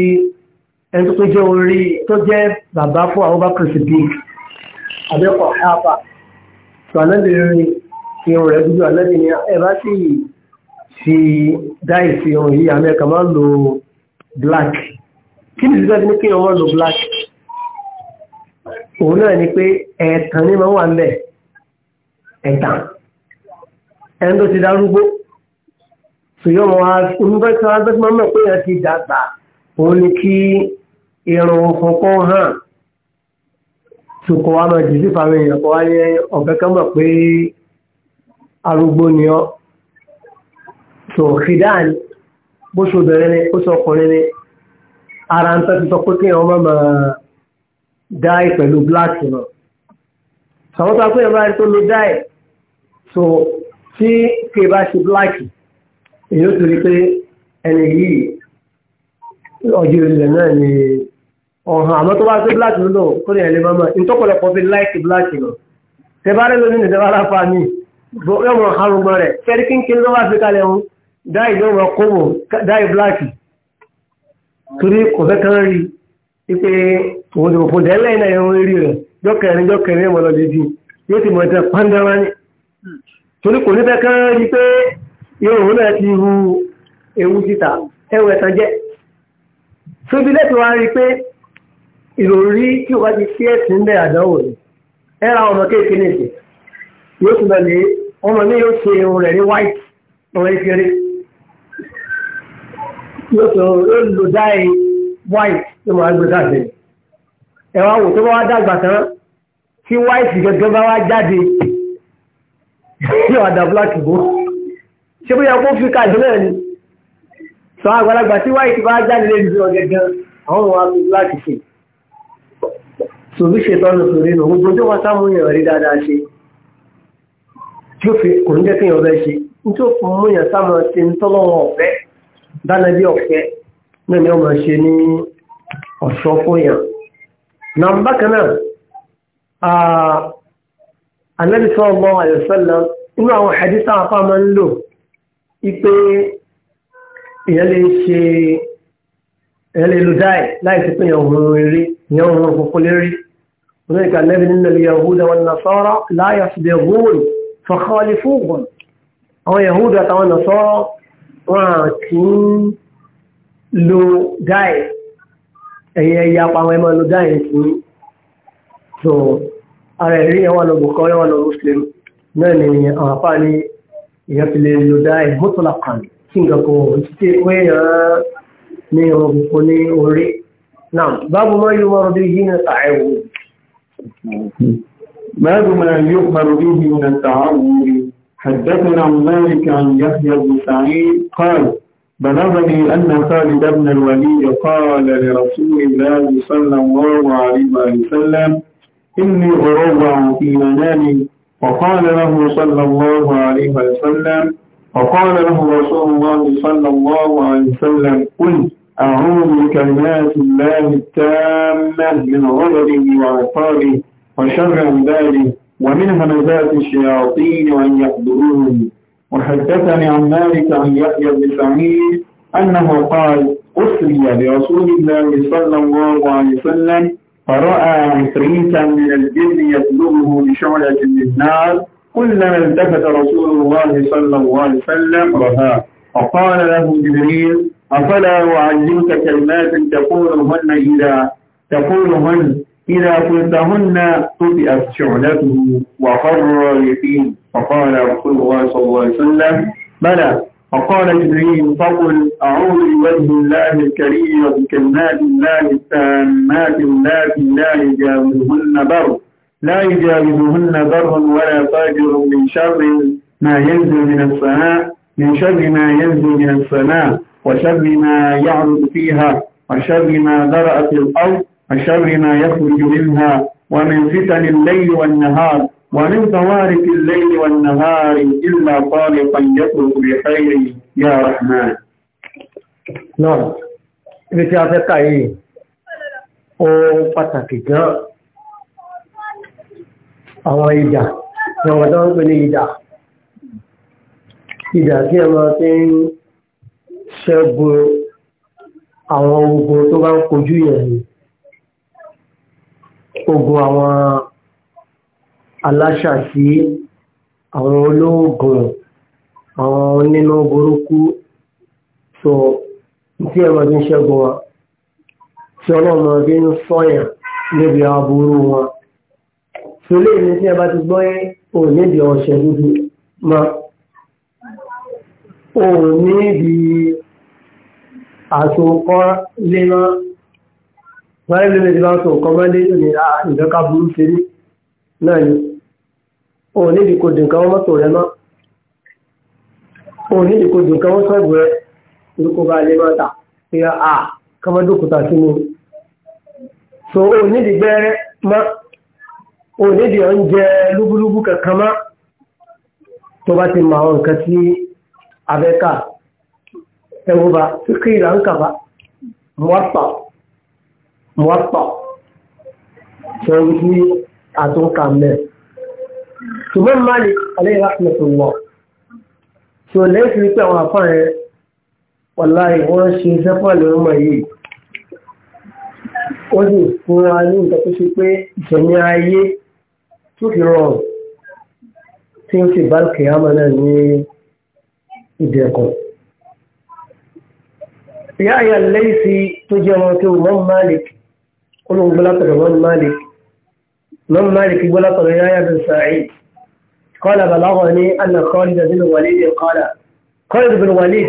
ẹni tó jẹ́ orí tó jẹ́ bàbá fún àwọn bá kìrìsì bí abẹ́kọ̀ọ́ hábà tó ànábì rí kí rẹ̀ dúdú ànábì ni ẹ bá sì yìí fi dáì sí ọ̀rùn yìí amẹ́ka máa ń lo black kí ni sísẹ́ ní kí ọmọ lo black òun náà ni pé ẹ̀ẹ̀tàn ní máa ń wà ń bẹ̀ ẹ̀ẹ̀tàn ẹni tó ti darúgbó sòyọ́ wọn wá onífẹ́sọ́ agbẹ́sọ́ máa ń mọ̀ pé ẹ̀ ti dàgbà òun ni kí irun fọ́pọ́ hàn sòkò wa máa jì sí fàmì ìyàpọ̀ wáyé ọ̀gá mọ̀ pé arúgbó ni ọ́ so kìdáà ni bó ṣe obìnrin ni ó sọ ọkùnrin ni ara ń tẹ́tí sọ pé kí wọ́n máa dáì pẹ̀lú bíláàkì náà sọ̀rọ̀ tó akóyè bá rí tó lo dáì so tí kì bá ṣe bíláàkì èyí ó ti rí pé ẹni yìí ọjọ́ ilẹ̀ náà ni ọ̀hún àmọ́ tó bá ṣe bíláàkì ló lò kó ní ẹ̀lẹ́ máa ìtọ́pọ̀lọpọ̀ fi láìkì bíláàkì lọ tẹ bá rí lónìí tẹ bá ráfa mi yọmọ àrùn mọ rẹ fẹ́rí kínkín ló wá fi kalẹ̀ ọ̀hún dáì ló wọ kóòwò dáì bláàkì torí kò fẹ́ kán rí i pé òun ti kò dẹ́lẹ̀ náà rẹ̀ jọ́kẹ̀rin jọ́kẹ̀rin mọ̀ lọ́dẹ di yóò ti mọ̀ hu ewu síta ẹwù ẹ̀tàn jẹ́ tóbi lẹ́tọ̀ wá rí pé ìròrí tí o bá ti ẹ̀sìn bẹ́ẹ̀ àdánwò ẹ ra ọmọ kéèké yóò tún bẹ̀ lé ọmọ yóò tó lò dáì white tó máa gbé káàkiri ẹ̀wọ̀n àwò tó bá wá dàgbà tán tí white gẹ́gẹ́ bá wá jáde yóò wá da black bó ṣé bóyá kó fi káàkiri náà ni sọ àgbàlagbà tí white bá jáde lè dúró gẹ́gẹ́ àwọn ọmọ wa fi black ṣe sòbí ṣetán lóṣù nínú gbogbo tó wá sáwọn èèyàn rí dáadáa ṣe tí ó fi kò ní jẹ́ kéèyàn bẹ́ ṣe ní fún mú èèyàn sáwọn ti ń tọ́lọ́wọ́ ọ̀fẹ́ dáná bí ọ̀fẹ́ náà ni ó máa ṣe ní ọ̀ṣọ́ fún yàn. na bákan náà Ànábì sallallahu alaihi wasallam inú àwọn hadith àpá máa ń lò wípé èèyàn lè ṣe èèyàn lè pé èèyàn òun eré èèyàn òun nínú wọn kì í lo dáì ẹ̀yẹ ẹ̀yà apáwọn ẹ̀mọ́ lo dáì sí so ara ẹ̀rí ẹ̀wà lọ bùkọ́ ẹ̀wà lọ muslim náà ni àwọn apá ní ìyẹn fi lè lo dáì mọ́tòlá kan kí nǹkan kan ò ti pé èèyàn ní ọmọ bùkún ní orí náà báwo máa yọ ọmọ ọdún yìí náà tàà ẹ̀wò. báwo máa yọ ọmọ ọdún yìí حدثنا مالك عن يحيى بن سعيد قال بلغني أن خالد بن الوليد قال لرسول الله صلى الله عليه وسلم إني أروع في منامي وقال له صلى الله عليه وسلم وقال له رسول الله صلى الله عليه وسلم قل أعوذ بكلمات الله التامة من غضبه وعقابه وشر ذلك ومن همزات الشياطين أن يحضرون وحدثني عن مالك عن يحيى بن سعيد أنه قال أسري برسول الله صلى الله عليه وسلم فرأى عفريتا من الجن يطلبه بشعلة من نار كلما التفت رسول الله صلى الله عليه وسلم رها فقال له جبريل أفلا أعلمك كلمات تقولهن إذا تقولهن إذا قلتهن طفئت شعلته وقر اليقين فقال رسول الله صلى الله عليه وسلم بلى فقال جبريل فقل أعوذ بوجه الله الكريم وبكلمات الله التامات التي لا يجاوزهن بر لا يجاوزهن بر ولا فاجر من شر ما ينزل من السماء من شر ما ينزل من السماء وشر ما يعرض فيها وشر ما ذرأت في الأرض وشر ما يخرج منها ومن فتن الليل والنهار ومن طوارق الليل والنهار إلا طارقا يطرق بخير يا رحمن نعم ibi tí a fẹ́ kà yìí ó pàtàkì gan àwọn ìdà ní ọmọ tó ń pè ní ìdà ìdà tí ẹmọ tí ń ṣẹ́gun àwọn ogun tó bá ń kojú yẹn ni ogun àwọn aláṣà sí àwọn olóògùn àwọn onínú burúkú so tí ẹ̀rọ ti ń ṣẹ́gun wa tí ọlọ́run ọdí ń sọ́yàn níbi aburú wọn so léèmí tí ẹ bá ti gbọ́ ò nídìí ọ̀ṣẹ́ dúdú mọ́ ò nídìí àtòkọ́ lémọ́ báyìí lórí ti bá ń sọ nǹkan bá dé ní ìjọka burú ṣe rí náà ni o ní ìdíkò dìǹkan wọ́n mọ́tò rẹ mọ́ o ní ìdíkò dìǹkan wọ́n sọ́ọ̀bù rẹ lóko bá lè máa tà pé a kọ́mọdókòtà sí mi so o ní ìdígbẹ́rẹ́ mọ́ o ní ìdí oúnjẹ lúbúlúbú kankan mọ́ tó bá ti mọ àwọn nǹkan tí abẹ́ka ẹ̀wọ̀n bá kíkì ìlànkà bá mọ́ pa mọ́tọ̀ tí ó rí àtúnkà mẹ́. ṣùgbọ́n máàlì aléìrásílẹ̀tọ̀wọ̀ tí ó lẹ́sí wípé àwọn àfáàrẹ wàláì wọ́n ṣe iṣẹ́ pàlú ọmọ yìí ó sì fún wa ní nǹkan tó ṣe pé ìṣẹ̀mí ayé tó fi rọrùn tí ó sì bá kìyàmọ́ náà ní ìdẹ̀kùn ìyá ìyá lẹ́yìn sí tó jẹ́ ọmọ tó mọ́ máàlì kì قلهم بلطة من مالك من مالك بلطة رياية بن سعيد قال بلغني أن خالد بن الوليد قال خالد بن الوليد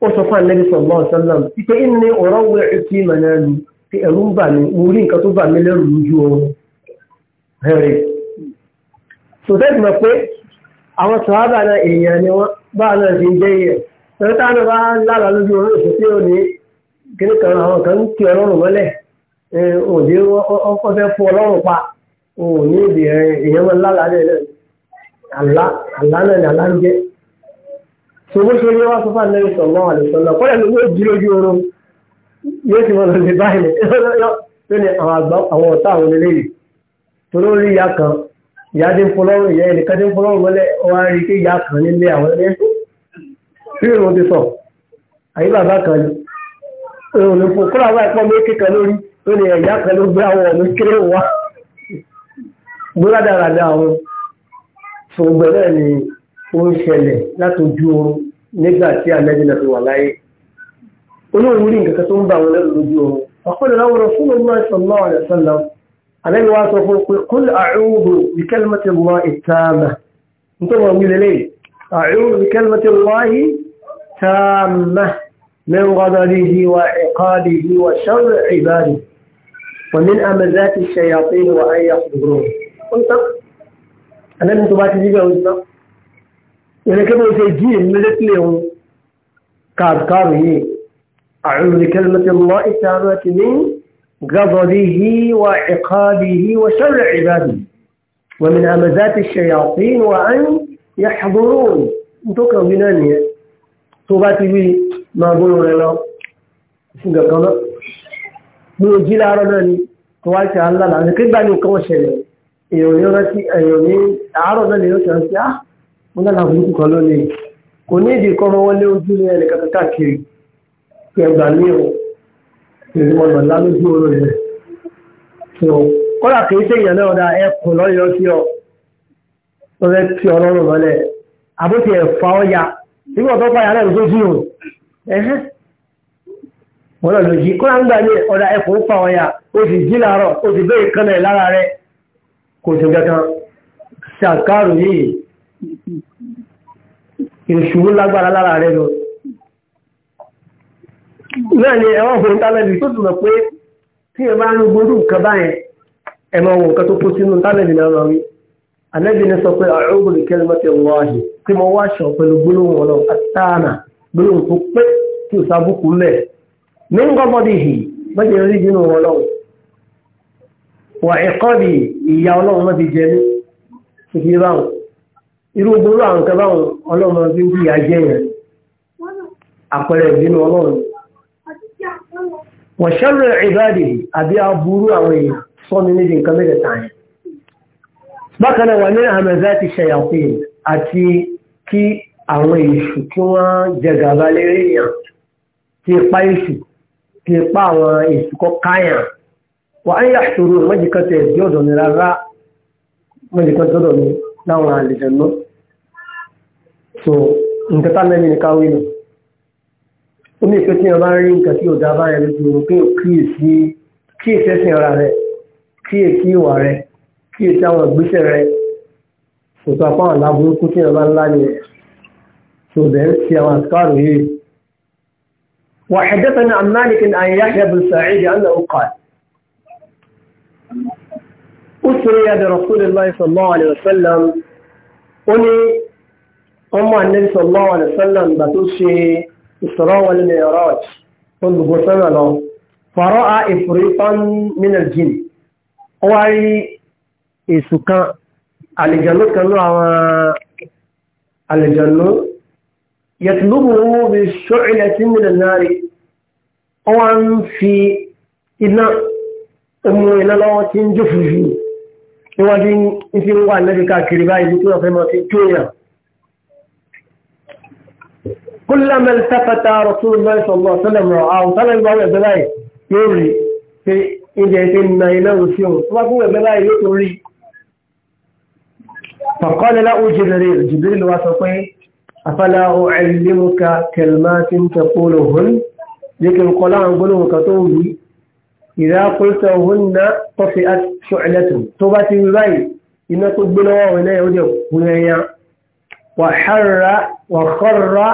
وصف النبي صلى الله عليه وسلم فإني أروع في منامي في أروباني أولين كتبا من الرجوع هاري so that ma pe àwọn sọ́ábà náà èèyàn ni wọ́n bá náà fi jẹ́ yẹ̀ tẹ́lẹ́tà náà bá lára lójú orí òní kí kan àwọn kan ń kí ọlọ́run mọ́lẹ̀ òde ọkọ̀ fẹ́ fún ọlọ́run pa òun ní èdè èèyàn máa lálà rẹ̀ náà àlá àlá náà ni àlá ń jẹ́ ṣòwò ṣe ní wá sọ́fà náà sọ̀ mọ́ àlùsọ̀ náà kọ́lẹ̀ ló jí lójú oorun yóò ti mọ̀ lọ́dẹ báyìí ló ní àwọn ọ̀tá àwọn eléyìí torí ó rí ìyá kan ìyá dín fọlọ́run ìyá ẹnìkan dín fọlọ́run wọlé wá rí kí ìyá kan nílé àwọn ẹlẹ́ bí ìrùn ti kan ni òun ló ó lè ẹ̀yà pẹ̀lú gbé àwọn ọ̀mí kéré wá gbóládàradà àwọn ṣògbẹ́ náà ni ó ń ṣẹlẹ̀ látòjú oorun nígbà tí àmẹ́jìnà fi wà láyé olóòwú rí nǹkan tó ń bá àwọn lẹ́rù lójú oorun ọ̀pọ̀lọpọ̀ láwọn ọ̀rọ̀ fún ọmọ sallallahu alaihi wasallam àlẹ́yìn wá sọ fún pé qul a'udhu bi kalimati Allahi nítorí wọn wí lélẹ́yìn a'udhu bi kalimati Allahi taama min ghadabihi wa iqabihi wa sharri ومن أمزات الشياطين وأن يحضرون قلت أنا من تبات جيجا وزنا وأنا كما يسجين ملت لهم كار كاره أعوذ بكلمة الله تعالى من غضبه وعقابه وشر عباده ومن همزات الشياطين وأن يحضرون انتوكا بنانية توباتي بي ما قولوا لنا سنقا قلق bí ojú láàárọ̀ náà ni tó wá ṣe aláàlá ní kígbà ní nǹkan ṣẹlẹ̀ èèyàn ní àárọ̀ náà ni yóò ṣe rántí ah mo náà làwọn olùkọ́ lónìí kò ní ìdí kọ́ ọmọ wọlé ojú ní ẹnì kankan káàkiri kí ẹ gbà ní o èyí wọn lọ lá lójú oró rẹ tó kọ́lá kì í ṣe èèyàn náà dáa ẹ kò lọ́yọ̀ sí ọ wọ́n fẹ́ kí ọlọ́run mọ́lẹ̀ àbótiẹ̀ fà ọ́ ya nígbà tó wọ́n lọ lòjì kó láń gbà ní ọ̀dà ẹ̀kọ́ ń pa ọ̀yà ó sì jí làárọ̀ ó sì bẹ́ẹ̀ kan náà lára rẹ̀ kò sí kankan ṣàkárò yìí ìṣòro lágbára lára rẹ̀ lọ. náà ni ẹ̀wọ̀n fún tálẹ́bì tó tún mọ̀ pé tí ẹ bá ń gbódù nǹkan báyẹn ẹ máa wọ nǹkan tó kó sínú tálẹ́bì náà máa wí. àlẹ́bì ni sọ pé ọ̀rọ̀ ògùn kẹ́lẹ́ mọ́tẹ̀ ní ngọ́bọ̀dì yìí mọ́jẹ̀ rí nínú ọlọ́run wà ẹ̀kọ́dì ìyá ọlọ́run mọ́ ti jẹ ní ìfi báwọn irú burú àwọn kan báwọn ọlọ́run fi ń bí ìyá jẹ yẹn àpẹẹrẹ ìbínú ọlọ́run wọ́n ṣẹ́rẹ̀ ìbáàdì àbí aburú àwọn èèyàn sọ́ni níbi nǹkan mẹ́tẹ̀ẹ̀ta yẹn bákan náà wà ní àmẹ́zá ti ṣẹ̀yàfín àti kí àwọn èṣù kí wọ́n jẹ gàba lérí yàn ti pa èṣù kí n pa àwọn èsì kọ́ káyàn wà á yà sọ̀rọ̀ mọ́jìká tẹ̀ ọ̀dọ̀ mi rárá mọ́jìká ọ̀dọ̀ mi láwọn àlejò náà so nǹkan tá lẹ́yìn ní káwé nù ó ní ìfẹ́ tí wọ́n bá rí nǹkan tí ò dá báyẹn lójú oorun pé kíyèsí kíyèsí ẹ̀sìn ara rẹ kíyèsí ìwà rẹ kíyèsí àwọn ìgbésẹ̀ rẹ ètò àpá àwọn aláburúkú tí wọ́n bá ńlá nìyẹn so bẹ́ẹ̀ ti àwọn àsìkò àròyé yìí وحدثنا عن مالك عن يحيى بن سعيد أنه قال أسري برسول الله صلى الله عليه وسلم أني أما النبي صلى الله عليه وسلم بتوشي إسراء والمعراج قلت بسنة له فرأى إفريقا من الجن وعي إسكان على جنوب كانوا على جنوب يطلبه بشعلة من النار أو في iná ọmọ iná lọ́wọ́ tí ń jòfò jù níwájú ní fi ń wà lẹ́bí káàkiri báyìí tí wọ́n fẹ́ máa fi jó yàn. كلما التفت رسول الله صلى الله عليه وسلم رآه sọ́lá ìgbà wẹ̀ bẹ́ẹ̀ báyìí yóò rí pé ilẹ̀ ti ń na iná òsì فقال له جبريل جبريل wá sọ pé afala u'allimuka kalimatin taquluhun jẹ́ kí n kọ́ láwọn gbólóhùn kan tó wù idha qultahunna tafi'at shu'latun tó bá ti rí báyìí iná tó gbé lọ́wọ́ wọn náà ó jẹ́ kúnyẹnyá wa harra wa kharra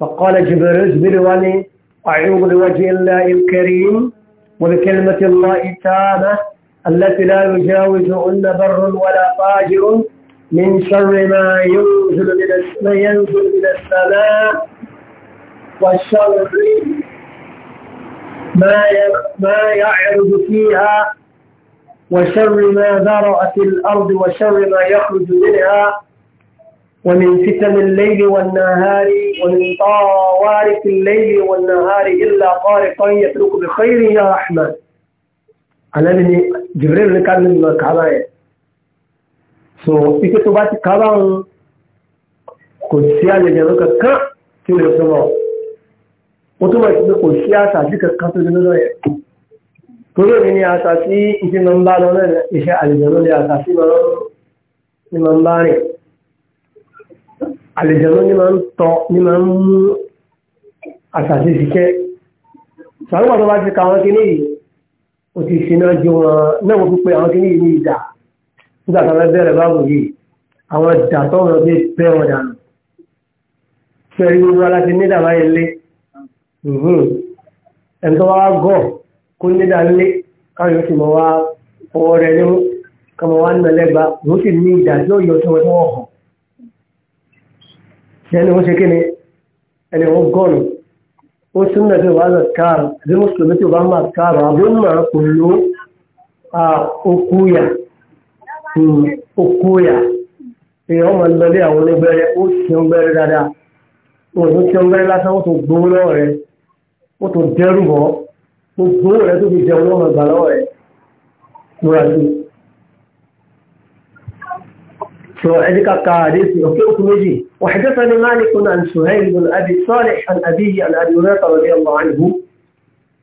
فقال جبريل ولي أعوذ بوجه الله الكريم وبكلمة الله التامة التي لا يجاوزهن بر ولا فاجر من شر ما ينزل من السماء ينزل من السماء والشر ما ما يعرض فيها وشر ما ذرأت الأرض وشر ما يخرج منها ومن فتن الليل والنهار ومن طوارق الليل والنهار إلا طارقا يترك بخير يا احمد أنا لني جبريل نكال من الكعبة سو إيكي سبات كعبة كنسيا لجنوك كا تيو يسوما وتو ما يسوما كنسيا ساتي كا تيو يسوما كل من يأساسي إيكي نمبالونا إيكي ألجنون يأساسي مرون نمبالي àlejànú ní máa ń tọ ní máa ń mú àṣàṣe ṣiṣẹ́ ṣàrúgbà tó bá ti ka àwọn kìíní yìí ó ti ṣìnà ju wọn náà wọ́n fi pé àwọn kìíní yìí ní ìdà nígbà tó wọ́n bẹ̀rẹ̀ báwo yìí àwọn ìdà tó wọn fi bẹ́ wọn dànù fẹ́rí gbogbo aláti nídà máa ń lé ẹni tó wá gọ̀ kó nídà lé káwọn sì mọ wá ọwọ́ rẹ̀ nímú káwọn wá nà lẹ́gbàá wọ́n sì ní ìdà tí ó yọ tí wọ́n tí wọ́n hàn ẹni wọ́n ṣe kí ni ẹni wọ́n gọ́nù ó súnmọ́ tí wọ́n á káàrù àbí mùsùlùmí tí wọ́n á káàrù àbí màá kò ló okúyà okúyà hmm, èèyàn máa lọ lé àwọn onígbẹ́rẹ́ ó ṣeun gbẹ́rẹ́ dáadáa wọn ò ṣeun gbẹ́rẹ́ lásán wọ́n tó gbowó lọ́wọ́ rẹ̀ wọ́n tó dẹ́rù bọ́ gbogbo rẹ̀ tó fi jẹun lọ́wọ́ gbà lọ́wọ́ rẹ̀ lóra sí i. فعندك قادس يخطئك مجي وحدثني مالك عن سهيل بن أبي صالح عن أبيه عن أبي هريرة رضي الله عنه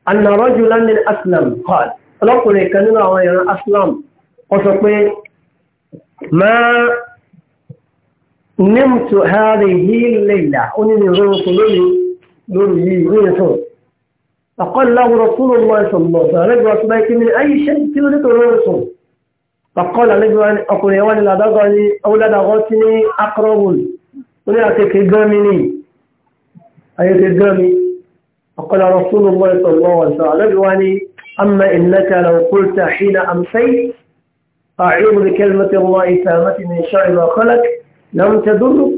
أن رجلا من أسلم قال لقل كننا وين أسلم وسقي ما نمت هذه الليلة أنني نمت لي نمي وينتو فقال له رسول الله صلى الله عليه وسلم من أي شيء تريد الرسول fàkọ́lá níbi ọkùnrin ẹwà ní làdágọ́ ní ọwọ́dàdàgọ́ tí ní akọrọ̀wùn ó ní àkèké gan mi ní àyèké gan mi ọkọ̀lá rọ̀súnù mọ́ẹ̀sọ̀ lọ́wọ́sọ̀ alẹ́bíwá ní amma innaka law qulta hina amsayt a'udhu bi kalimati allahi tammati min sharri ma khalaq lam tadurruk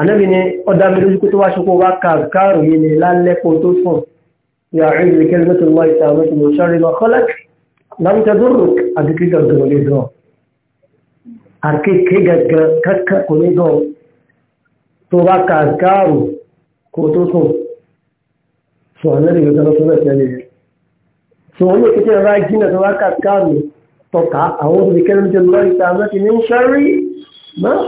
anabi ni oda mi lójú tó wá ṣe kó wá kàrù yìí lam tadurruk àti kí gàgà ò lè dùn àti kí gàgà kankan kò lè dùn tó bá ka gáàrù kó tó sùn sọ àwọn ènìyàn tó lọ sọ bẹ́ẹ̀ tẹ́lẹ̀ yẹn sọ wọn lè kété ẹ̀rọ ajínà tó bá ka gáàrù tọ̀ka àwọn òbí kẹ́lẹ́ ti lọ ìta àwọn ti ní ń ṣárí máa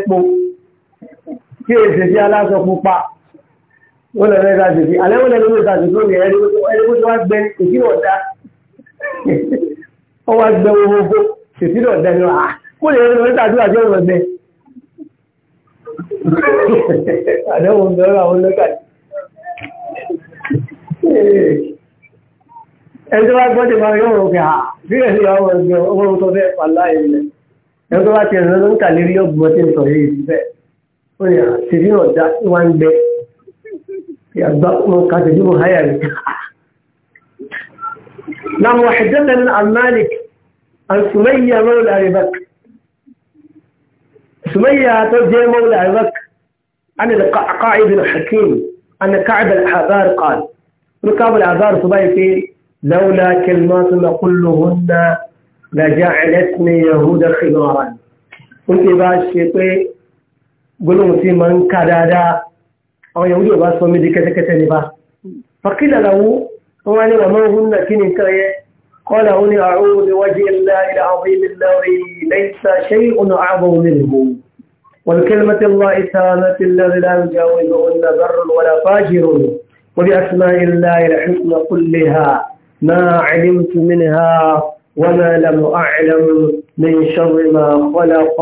kọlà kí èsì sí aláṣọ pupa wọ́n lọ lẹ́ta sí alẹ́ wọ́n lẹ́nu lẹ́ta sí lónìí ẹni bó ti wá gbẹ èsì náà dá ọ wá gbẹ gbogbo èsì náà dá ni wà á kó lè lọ lẹ́ta sí àjọ ọ̀rọ̀ gbẹ. àdéhùn ń bẹ̀rẹ̀ àwọn lẹ́ta sí. ẹni tó bá gbọ́ ti máa yọ̀rọ̀ òkè à bí èsì àwọn ọmọ ọmọ tó fẹ́ pàlá ìrìnlẹ̀ ẹni tó bá ti rìn lọ́dún kàlérí ọgbọ̀n ti ń sọ yìí wọ́n ní àṣírí náà dá wá ń gbẹ yàgbá wọn kà نعم وحدثنا عن مالك عن سمية مولى أبي بكر سمية توجه مولى أبي بكر عن القعقاع بن حكيم أن كعب الأعذار قال كعب الأعذار سبايتي لولا كلمات كلهن لجعلتني يهودا خمارا قلت بقى شيطان gbólóhùn tí ma ń ká dáadáa àwọn yahudi ò bá sọ mí di kẹ́tẹ́kẹ́tẹ́ ní bá fàkílà làwú wọn ní ọmọ òhun náà kí ni nǹkan yẹ kọ́lá òun ni àrùn òun ni wájú ilá ilá àwọn ilé lórí lẹ́yìnsá ṣé òun ààbò òun ni bò والكلمة الله إسانة الذي لا يجاوزهن بر ولا فاجر وبأسماء الله الحسنى كلها ما علمت منها وما لم أعلم من شر ما خلق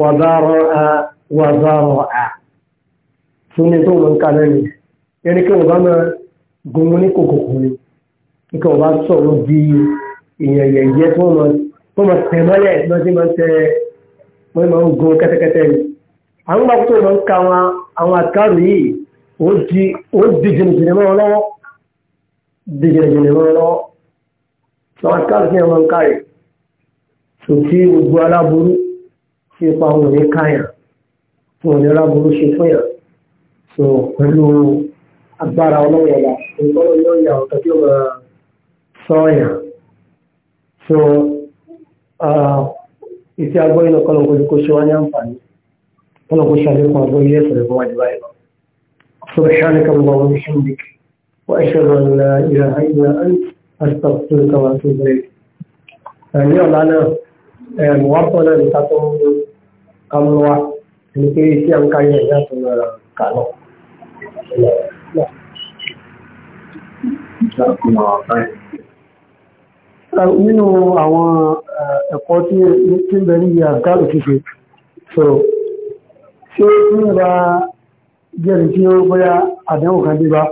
وبرأ wà zọrọ à tún ní tó ń kalẹ̀ ni yẹn ni kí wọ́n bá máa gungun ní kòkòkò ni kí wọ́n bá sọ̀rọ̀ di ìyẹn yẹ̀yẹ́ tó máa tẹ̀ mọ́lẹ̀ lọ sí máa tẹ wọ́n máa ń gun kẹ́tẹ́kẹ́tẹ́ ni àwọn bá tó máa ń ka àwọn àkàrò yìí ó di jìnnìjìnnì mọ́ wọn lọ́wọ́ di jìnnìjìnnì mọ́ wọn lọ́wọ́ àwọn àkàrò yìí máa ń kárẹ̀ sòtí gbogbo aláboru sí ipa òun ní káyàn tí wọn ní ráburú ṣe fún so pẹ̀lú agbára ọlọ́wọ́ ọba nǹkan yóò yà ọ̀tọ̀ tí ó máa sọ yàn so ìtì agbóyè náà kọ́ ló ń kojú kó ṣe wá ní àǹfààní kọ́ ló ń kó ṣe àlékún agbóyè ẹ̀sẹ̀ rẹ̀ fún wájú báyìí lọ. سبحانك اللهم وبحمدك وأشهد أن لا إله إلا أنت أستغفرك وأتوب إليك. يعني أنا مواطنة لتقوم قبل وقت ẹni pé tí a ń kárí ẹ̀ láti lọ ra kà lọ. Nínú àwọn ẹ̀kọ́ tí ń bẹ níbi àgbàrù ṣíṣe, so ṣé tí ń bá jẹ́rìí tí ó bóyá àdéhùn kan díba,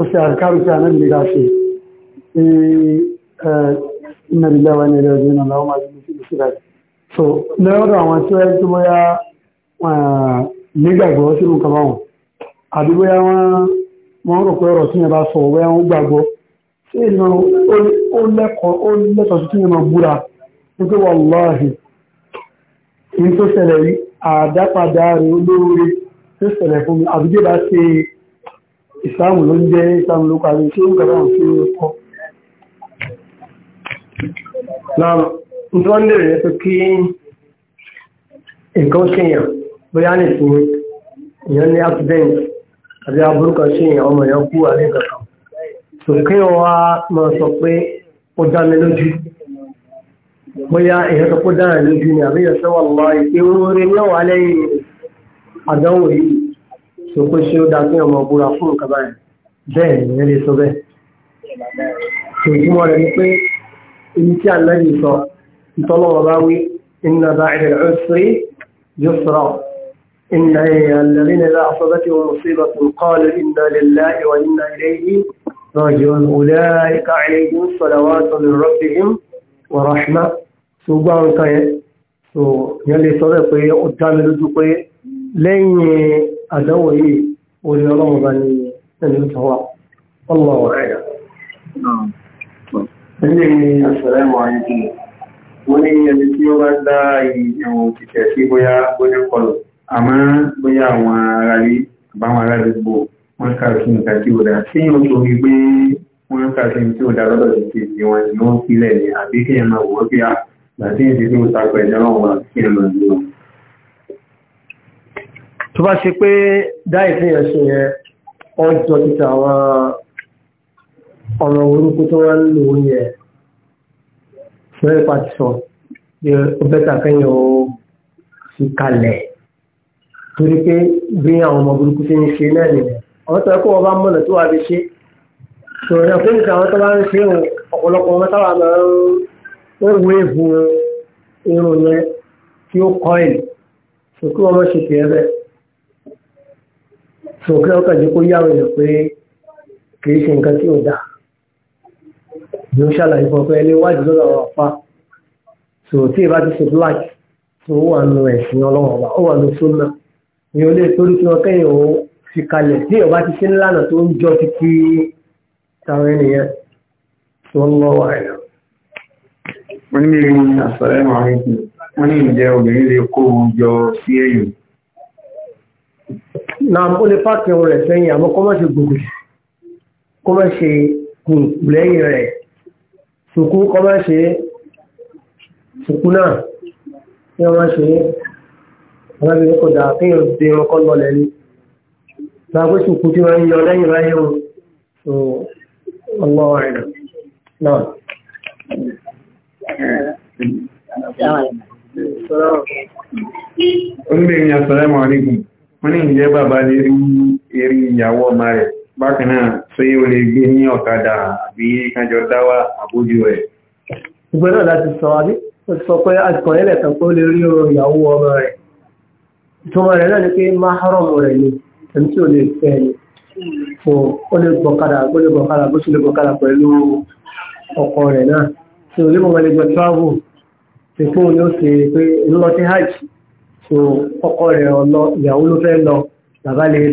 ó ṣe àgbàrù tí a náà lè ra ṣe. Ìnàdìlẹ́wà ní ẹ̀rẹ́ ọdún náà láwọn máa ti lè ṣe ìṣẹ́ So, lẹ́rọ̀ àwọn tí ó yẹ tí bóyá Eh, nígbàgbọ́ sínú nǹkan báwọn àbí bóyá wọ́n rò pé ọ̀rọ̀ tí yẹn bá sọ bóyá wọ́n gbàgbọ́ sí ìlú ó lẹ́kọ̀ọ́ ó sí tí yẹn máa búra wípé kí n tó ṣẹlẹ̀ àdápadà olóore tó ṣẹlẹ̀ fún mi bá ṣe ìsáàmù ló ń jẹ́ ìsáàmù ló parí tí ó ń gbàgbọ́ sí bóyá lè fi èèyàn ní accident àbí aburúkọ sí èèyàn ọmọ èèyàn kú àrí kankan tó kéèyàn wá máa sọ pé ó dá mi lójú bóyá èèyàn sọ pé ó dára lójú ni àbí èèyàn sọ́wọ́ lọ ìpé orí náà wà lẹ́yìn àdánwò yìí tó pé ṣé ó dá kí ọmọ búra fún nǹkan báyìí bẹ́ẹ̀ èèyàn lè sọ bẹ́ẹ̀ tó ìtumọ̀ rẹ̀ ni pé ibi tí àlẹ́ yìí sọ ìtọ́lọ́wọ́ bá wí inna ba'da al-usri yusra إن الذين إذا أصابتهم مصيبة قالوا إنا لله وإنا إليه راجعون أولئك عليهم صلوات من ربهم ورحمة سبحان كي so yẹn lè sọ bẹ́ẹ̀ pé ó dá mi lójú pé lẹ́yìn àdánwò yìí orí ọlọ́run bá ní ẹni tó wà ọlọ́run ẹ̀yà. Ilé ni àṣàlẹ́mọ̀ ayé jùlọ, wọ́n ní ẹni tí ó bá dá ìyẹ̀wò kìkẹ̀ sí bóyá bójú kọlù. àmọ́ bóyá àwọn ará rí àbáwọn ará rí gbò wọ́n kà sí nǹkan tí ó dá sí yóò tó rí pé wọ́n kà sí nǹkan tí ó dá lọ́dọ̀ sí ti ti wọn ni wọ́n filẹ̀ ní àbí kí ẹ máa wò ó bí a láti ń ṣe tí ó takọ̀ ẹ̀jẹ̀ náà wà kí ẹ máa lò. tó bá ṣe pé dáì fi hàn ṣe yẹn wọ́n jọ àwọn ọ̀rọ̀ orúkú tó wá ń lò ó yẹ ṣẹ́yìn pàtìsọ̀ ọbẹ̀ tàkẹ́yìn ó fi kalẹ̀ torí pé bí àwọn ọmọ burúkú ṣe ń ṣe náà nìyẹn àwọn tó yẹ kó wọn bá mọ̀nà tó wà lè ṣe sọ̀rọ̀ fún ìta àwọn tó bá ń ṣe ọ̀pọ̀lọpọ̀ wọn táwà máa ń wé bu irun yẹn tí ó kọ́ ẹ̀ sókè wọn mọ̀ ṣe tiẹ̀ bẹ́ẹ̀ sókè ọkàn jẹ́ kó yáwó yẹn pé kì í ṣe nǹkan tí ò dáa ni ó ṣàlàyé fún ọpẹ ilé wájú lọ́dọ̀ àwọn àpá sòrò tí ìbá ti ṣe black tó wà nù ẹ̀sìn ọlọ́wọ́ ó wà nù sóńnà èèyàn lè torí kí wọn kẹ́yìn òun fi kalẹ̀ tí èèyàn bá ti ṣe ńlànà tó ń jọ títí táwọn ènìyàn tí wọ́n lọ́ wà ẹ̀nà. wọ́n ní àsàlẹ́mù àríkù wọ́n ní ìjẹ́ obìnrin lè kó o jọ sí ẹ̀yìn. náà ó lè pààkì ohun rẹ̀ sẹ́yìn àmọ́ kó má ṣe gbogbo kó má ṣe gùn lẹ́yìn rẹ̀ sùkú kó má ṣe sùkú náà kí wọ́n má ṣe wọ́n bí kò dáa kí yóò di irun kọ́ lọlẹ̀ ni náà pé sùkú tí wọ́n ń yọ lẹ́yìn báyìí o so ọmọ rẹ̀ náà. Olúbìnrin Assalamu alaikum, wọ́n ní ìjẹ́ bàbá lè rí eré ìyàwó ọmọ rẹ̀ bákan náà tó yíò lè gbé ní ọ̀kadà àbí kájọ dáwà àbójú ẹ̀. Ìgbẹ́ náà láti sọ, àbí? sọ pé àtìkọ̀ẹ́lẹ̀ kan pé lè rí ìyàwó ọmọ rẹ̀. ìtumọ̀ rẹ̀ ni pé mahram rẹ̀ ni ẹni tí o le ni so ó lè gbọ̀kadà pẹ̀lú ọkọ rẹ̀ náà so olè mọ̀mọ́ lè gbọ́ travel ṣe fún hajj so ọkọ rẹ̀ ọlọ ìyàwó lọ le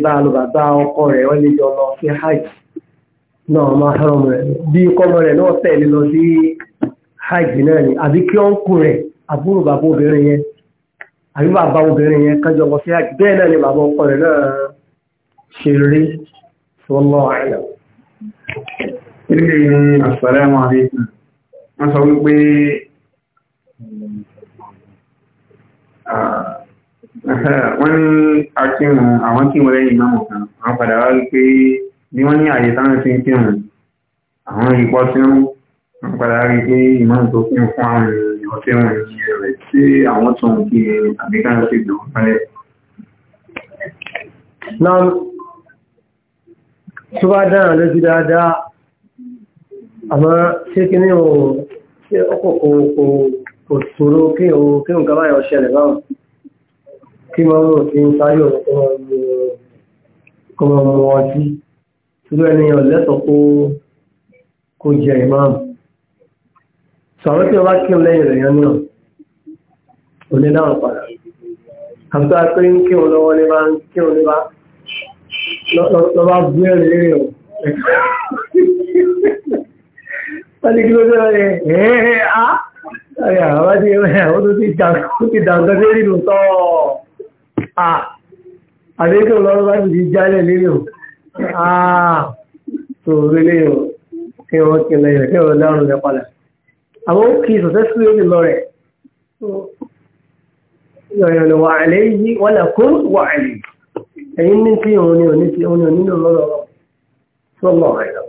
a lọ ọkọ re wọ́n lè hajj náà mahram rẹ̀ bí kọ́mọ rẹ̀ náà tẹ̀lé lọ sí hajj na ni àbí kí ó ń kú rẹ̀ àbúrò àbí bàbá obìnrin yẹn kájọ wọ sí àjì náà ni bàbá ọkọ rẹ̀ náà ṣe rí sọ́lọ́ àìlẹ̀. ilé ní àṣàrẹ́ wọn rí wọ́n sọ wípé [laughs] wọ́n ní akínrun àwọn tí wọ́n lẹ́yìn máa mọ̀ kan àwọn padà wá wípé bí wọ́n ní àyè táwọn ti ń kírun àwọn ìpọ́ wọ́n padà rí ìmọ̀ tó fi ń fún àwọn ènìyàn ọtí wọn ní rẹ̀ tí àwọn tó ń kí àbíká sí ìdòwò pẹ́lẹ̀. náà tó bá dára lójú dáadáa àmọ́ ṣé kí ní òun ṣé ọkọ̀ kò ṣòro kí òun kí òun gábáyà ọ̀ṣẹ̀lẹ̀ báwọn kí wọ́n mú òfin sáyò kọ́mọ mu ọtí ṣùgbọ́n ẹni ọ̀lẹ́tọ̀ kó jẹ ìmáàmù sọ̀rọ̀ tí ó bá kí lẹ́yìn rẹ̀ yẹn náà ò ní dáhùn padà àbúkà pé ń kí wọn lọ́wọ́ ní bá ń kí wọn ní bá lọ́bá bú ẹ̀rẹ̀ lérè ọ̀ wọ́n ti kí ló sọ́rọ̀ rẹ̀ ẹ̀ẹ́ á ẹ̀yà wọ́n ti rẹ̀ ó tó ti dàgbà lérí lò tọ́ à àdéhùn lọ́wọ́ bá ti di jálẹ̀ lérè ọ̀ à tó rẹ̀ lérè kí wọ́n kí lẹ́yìn rẹ̀ kí wọ́n dáhùn rẹ̀ padà àwọn òkè successful yóò lọ rẹ̀ yọ̀yọ̀nà wà àlẹ́ yìí wọ́n là kún wà àlẹ́ ẹ̀yìn ní tí òun ni òní tí òun ni òní lò lọ́rọ̀ sọ́lọ́ rẹ̀ lọ.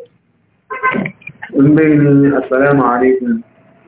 Assalamu alaikum.